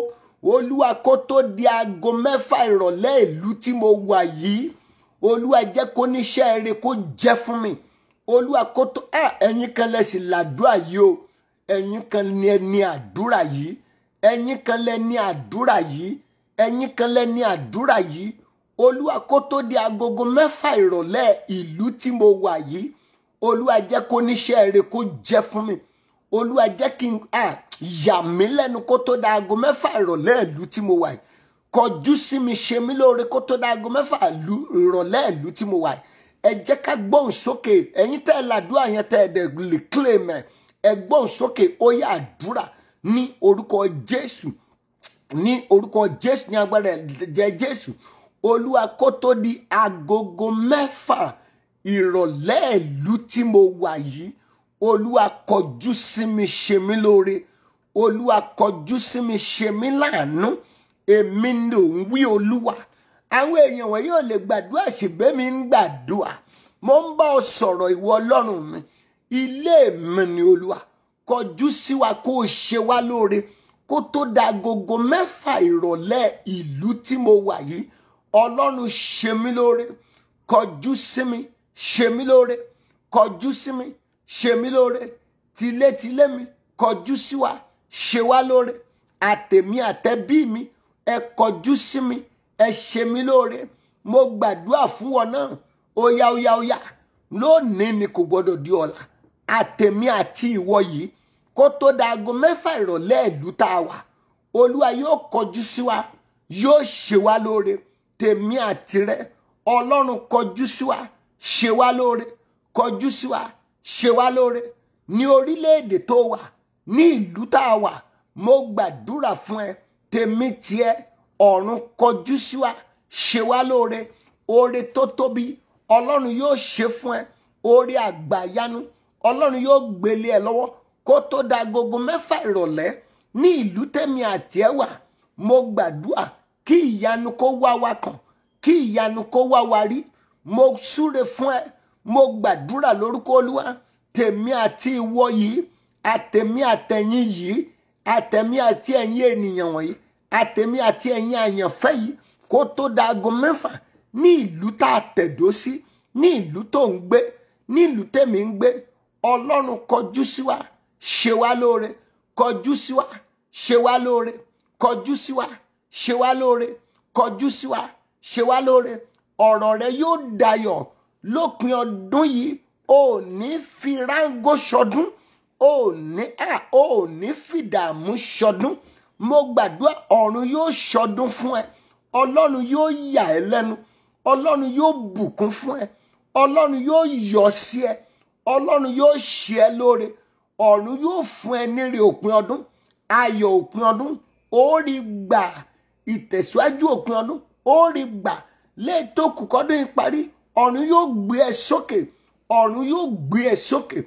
Speaker 1: olúwa kó tó di aago mẹ́fà ìrọ̀lẹ́ ìlú tí mo wà yìí olúwa jẹ́ kó níṣẹ́ rere kó jẹ́ fún mi olúwa kó tó ẹ̀yin kan lẹ́sìn làdúrà yìí o ẹ̀yin kan ni ẹni àdúrà yìí ẹ̀yin kan lẹ́ni àdúrà yìí ẹ̀yin kan lẹ́ni àdúrà yìí olúwa kó tó di agogo mẹ́fà ìrọ̀lẹ́ ìlú tí mo wà yìí olúwa jẹ́ kó níṣẹ́ rẹ̀ kó jẹ́ fún mi olúwa jẹ́ kí n yà mí lẹ́nu kó tó di aago mẹ́fà ìrọ̀lẹ́ ìlú tí mo wà yìí kọjú sí mi ṣe mí lóore kó tó di aago mẹ́fà ìrọ̀lẹ́ ìlú tí mo wà yìí ẹ jẹ́ ká gbóhùn sókè ẹ̀yin tẹ́ ẹ làdúrà yẹn tẹ́ ẹ dẹ̀ lè kílè mẹ́ ẹ gbóhùn sókè ó yá àdúrà ní orúkọ jésù ní orúkọ jésù ní agbára ẹ̀jẹ̀ jésù olúwa kó tó di agogo mẹ́fà ìrọ̀lẹ́ ìlú tí mo wà yìí olúwa kọjú sí mi ṣe mí lóore olúwa kọjú sí mi ṣe mí láàánú èmi ni òun wí olúwa àwọn èèyàn wọ̀nyí ò lè gbàdúrà ṣègbè mi ń gbàdúrà mo ń bá ọ sọ̀rọ̀ ìwọ ọlọ́run mi ilé mi ni olúwa kọjú sí wa kó o ṣe wá lóore kó tó da agogo mẹ́fà ìrọ̀lẹ́ ìlú tí mo wà yìí ọlọ́run ṣe mí lóore kọjú sí mi ṣe mí lóore kọjú sí mi ṣe mí lóore tilétilé mi kọjú sí wa ṣe wá lóore àtèmi àtẹbí mi ẹ kọjú sí mi ẹ ṣe mí lóore mo gbàdúrà fún wọn náà óyá óyá óyá lónìí ni kò gbọdọ̀ di ọ̀la àtèmi àti ìwọ yìí kó tó da aago mẹ́fà ìrọ̀lẹ́ ìlú tá a wà olúwa yóò kọjú sí wa yóò ṣe wá lóore tèmi àtirẹ ọlọ́run kọjú sí ṣe wá lóore kọjú sí ṣe wá lóore ní orílẹ̀-èdè tó wà ní ìlú tá a wà mo gbàdúrà fún ẹ tèmi tiẹ ọ̀run kọjú sí wa ṣe wá lóore oore tó tóbi ọlọ́run yóò ṣe fún ẹ oore àgbàyanu ọlọ́run yóò gbélé ẹ lọ́wọ́ kó tó da agogo mẹ́fà ìrọ̀lẹ́ ní ìlú tèmi àti ẹ wà mo gbàdúrà kí ìyanu kó wá wa kàn kí ìyanu kó wá wa rí mo súre fún ẹ mo gbàdúrà lórúkọ olúwa tèmi àti ìwọ yìí àtèmi àtẹ̀yin yìí àtèmi àti ẹ̀yin ènìyàn wọ̀nyí àtèmi àti ẹ̀yin àyànfẹ́ yìí kó tó daago mẹ́fà ní ìlú tá a tẹ̀dó sí ní ìlú tó ń gbé ní ìlú tèmi ń gbé ọlọ́run kọjú sí wa ṣe wá lóore kọjú sí wa ṣe wá lóore kọjú sí wa ṣe wá lóore kọjú sí wa ṣe wá lóore ọ̀rọ̀ rẹ yóò dayọ̀ lópin ọdún yìí ò ní fi ráńgó ṣọdún ò ní à ò ní fìdààmú ṣọdún mo gbàdúrà ọ̀run yóò ṣọdún fún ẹ ọlọ́run yóò yà ẹ́ lẹ́nu ọlọ́run yóò bùkún fún ẹ ọlọ́run yóò yọ̀ sí ẹ ọlọ́run yóò ṣe ẹ lóore ọ̀run yóò fún ẹ nírè òpin ọdún ayọ̀ òpin ọdún ó rí gbà ìtẹ̀síwájú òpin ọdún ó rí gbà léètò kùkọ́dún ìparí ọ̀run yóò gbé ẹ sókè ọ̀run yóò gbé ẹ sókè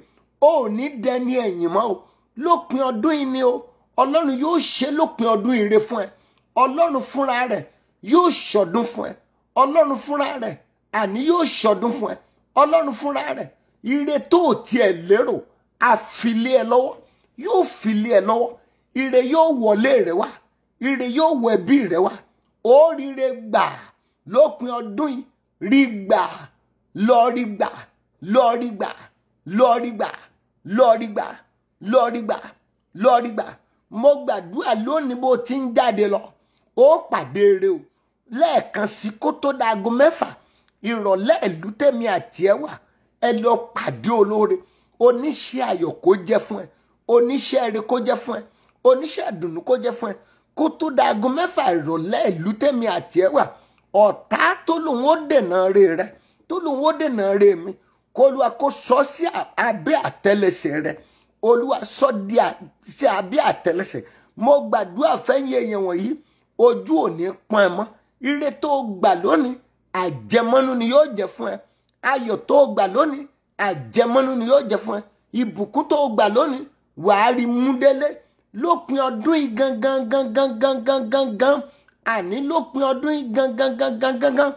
Speaker 1: ó ní dẹni ẹ̀yìn mọ́ o lópin ọdún yìí ni o ọlọ́run yóò ṣe lópin ọdún ire fún ẹ ọlọ́run fúnra rẹ̀ yóò ṣọdún fún ẹ ọlọ́run fúnra rẹ̀ àní yóò ṣọdún fún ẹ ọlọ́run fúnra rẹ̀ ire tó o tiẹ̀ lérò àfilé ẹ lọ́wọ́ yóò filé ẹ lọ́wọ́ ire yóò wọlé rẹ wá ire yóò wọ ẹbí rẹ wá ó ríre gbà lópin ọdún yìí rí gbà lọ rí gbà lọ rí gbà lọ rí gbà lọ rí gbà lọ rí gbà lọ rí gbà mo gbàdúrà lónìí bó ti ń jáde lọ ó pàdé rẹ o lẹ́ẹ̀kan sí kó tó daago mẹ́fà ìrọ̀lẹ́ ìlú tèmi àti ẹ wà ẹ lọ pàdé olóore oníṣẹ́ ayọ̀ kó jẹ́ fún ẹ oníṣẹ́ eré kó jẹ́ fún ẹ oníṣẹ́ ìdùnnú kó jẹ́ fún ẹ kó tó daago mẹ́fà ìrọ̀lẹ́ ìlú tẹ̀mí àti ẹ̀ wà ọ̀tá tó lòun ó dènà re rẹ tó lòun ó dènà re mi kó olúwa kó sọ sí abẹ́ àtẹlẹsẹ̀ rẹ olúwa sọ di sí abẹ́ àtẹlẹsẹ̀ mo gbàdúrà fẹ́yìn èèyàn wọ̀nyí ojú ò ní pọ́n ẹ mọ́ ire tó gbà lónìí àjẹmọ́nú ni yóò jẹ fún ẹ ayọ̀ tó gbà lónìí àjẹmọ́nú ni yóò jẹ fún ẹ ìbùkún tó gbà lónìí wàá rí mú lópin ọdún yìí gangan gangan gangan gangan àní lópin ọdún yìí gangan gangan gangan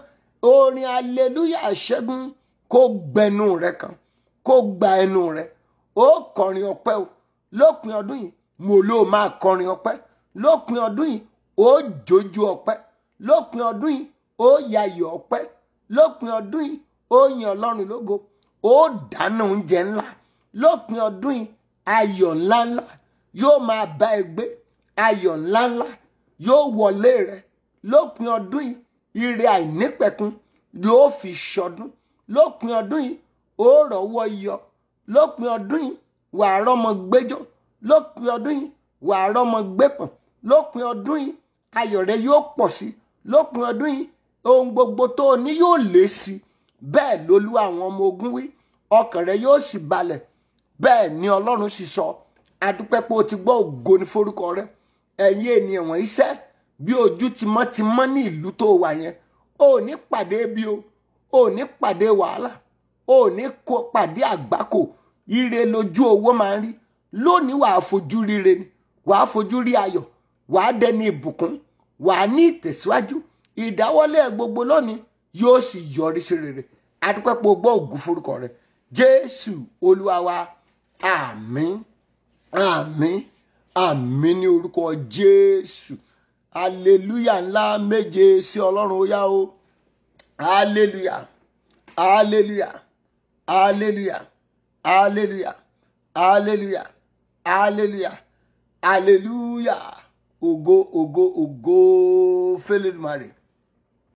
Speaker 1: orin aleluya ṣẹ́gun kó gbẹnu rẹ kan kó gba ẹnu rẹ ó kọrin ọpẹ́ o lópin ọdún yìí mo ló máa kọrin ọpẹ́ lópin ọdún yìí ó jójú ọpẹ́ lópin ọdún yìí ó yayọ̀ ọpẹ́ lópin ọdún yìí ó yin Ọlọ́run lógo ó dáná oúnjẹ ńlá lópin ọdún yìí ayọ̀ ńláńlá yóò máa bá ẹ gbé ayọ̀ ńláńlá yóò wọlé rẹ lópin ọdún yìí ire àìnípẹ̀kun yóò fi ṣọdún lópin ọdún yìí ó rọ̀wọ́ yọ lópin ọdún yìí wàá rọ́mọ gbẹ́jọ́ lópin ọdún yìí wàá rọ́mọ gbẹ́pọ̀n lópin ọdún yìí ayọ̀ rẹ yóò pọ̀ sí lópin ọdún yìí ohun gbogbo tó o ní yóò lé sí bẹ́ẹ̀ lolú àwọn ọmọ ogun wí ọkàn rẹ yóò sì balẹ̀ bẹ́ẹ̀ ni Ọlọ́run sì sọ. So adúpẹ́ pé o ti gbọ́ ògo ní forúkọ rẹ ẹ̀yin ènìyàn wọ̀nyí sẹ́ bí ojú tímọ́tímọ́ ní ìlú tó wà yẹn o ò ní pàdé bí o o ò ní pàdé wàhálà o ò ní pàdé àgbákò ire lójú owó máa ń rí lónìí wàá fojú ríre ni wàá fojú rí ayọ̀ wàá dẹni ìbùkún wàá ní ìtẹ̀síwájú ìdáwọ́lé gbogbo lónìí yóò sì yọrí sí rere adúpẹ́ pé o gbọ́ ògùn forúkọ rẹ jésù olúwa wa àmín àmín àmín ní orúkọ jésù aleluya ńlá méje sí ọlọ́run ó yá o aleluya aleluya aleluya aleluya aleluya aleluya aleluya ògo ògo ògo fẹlẹ́dùmarè.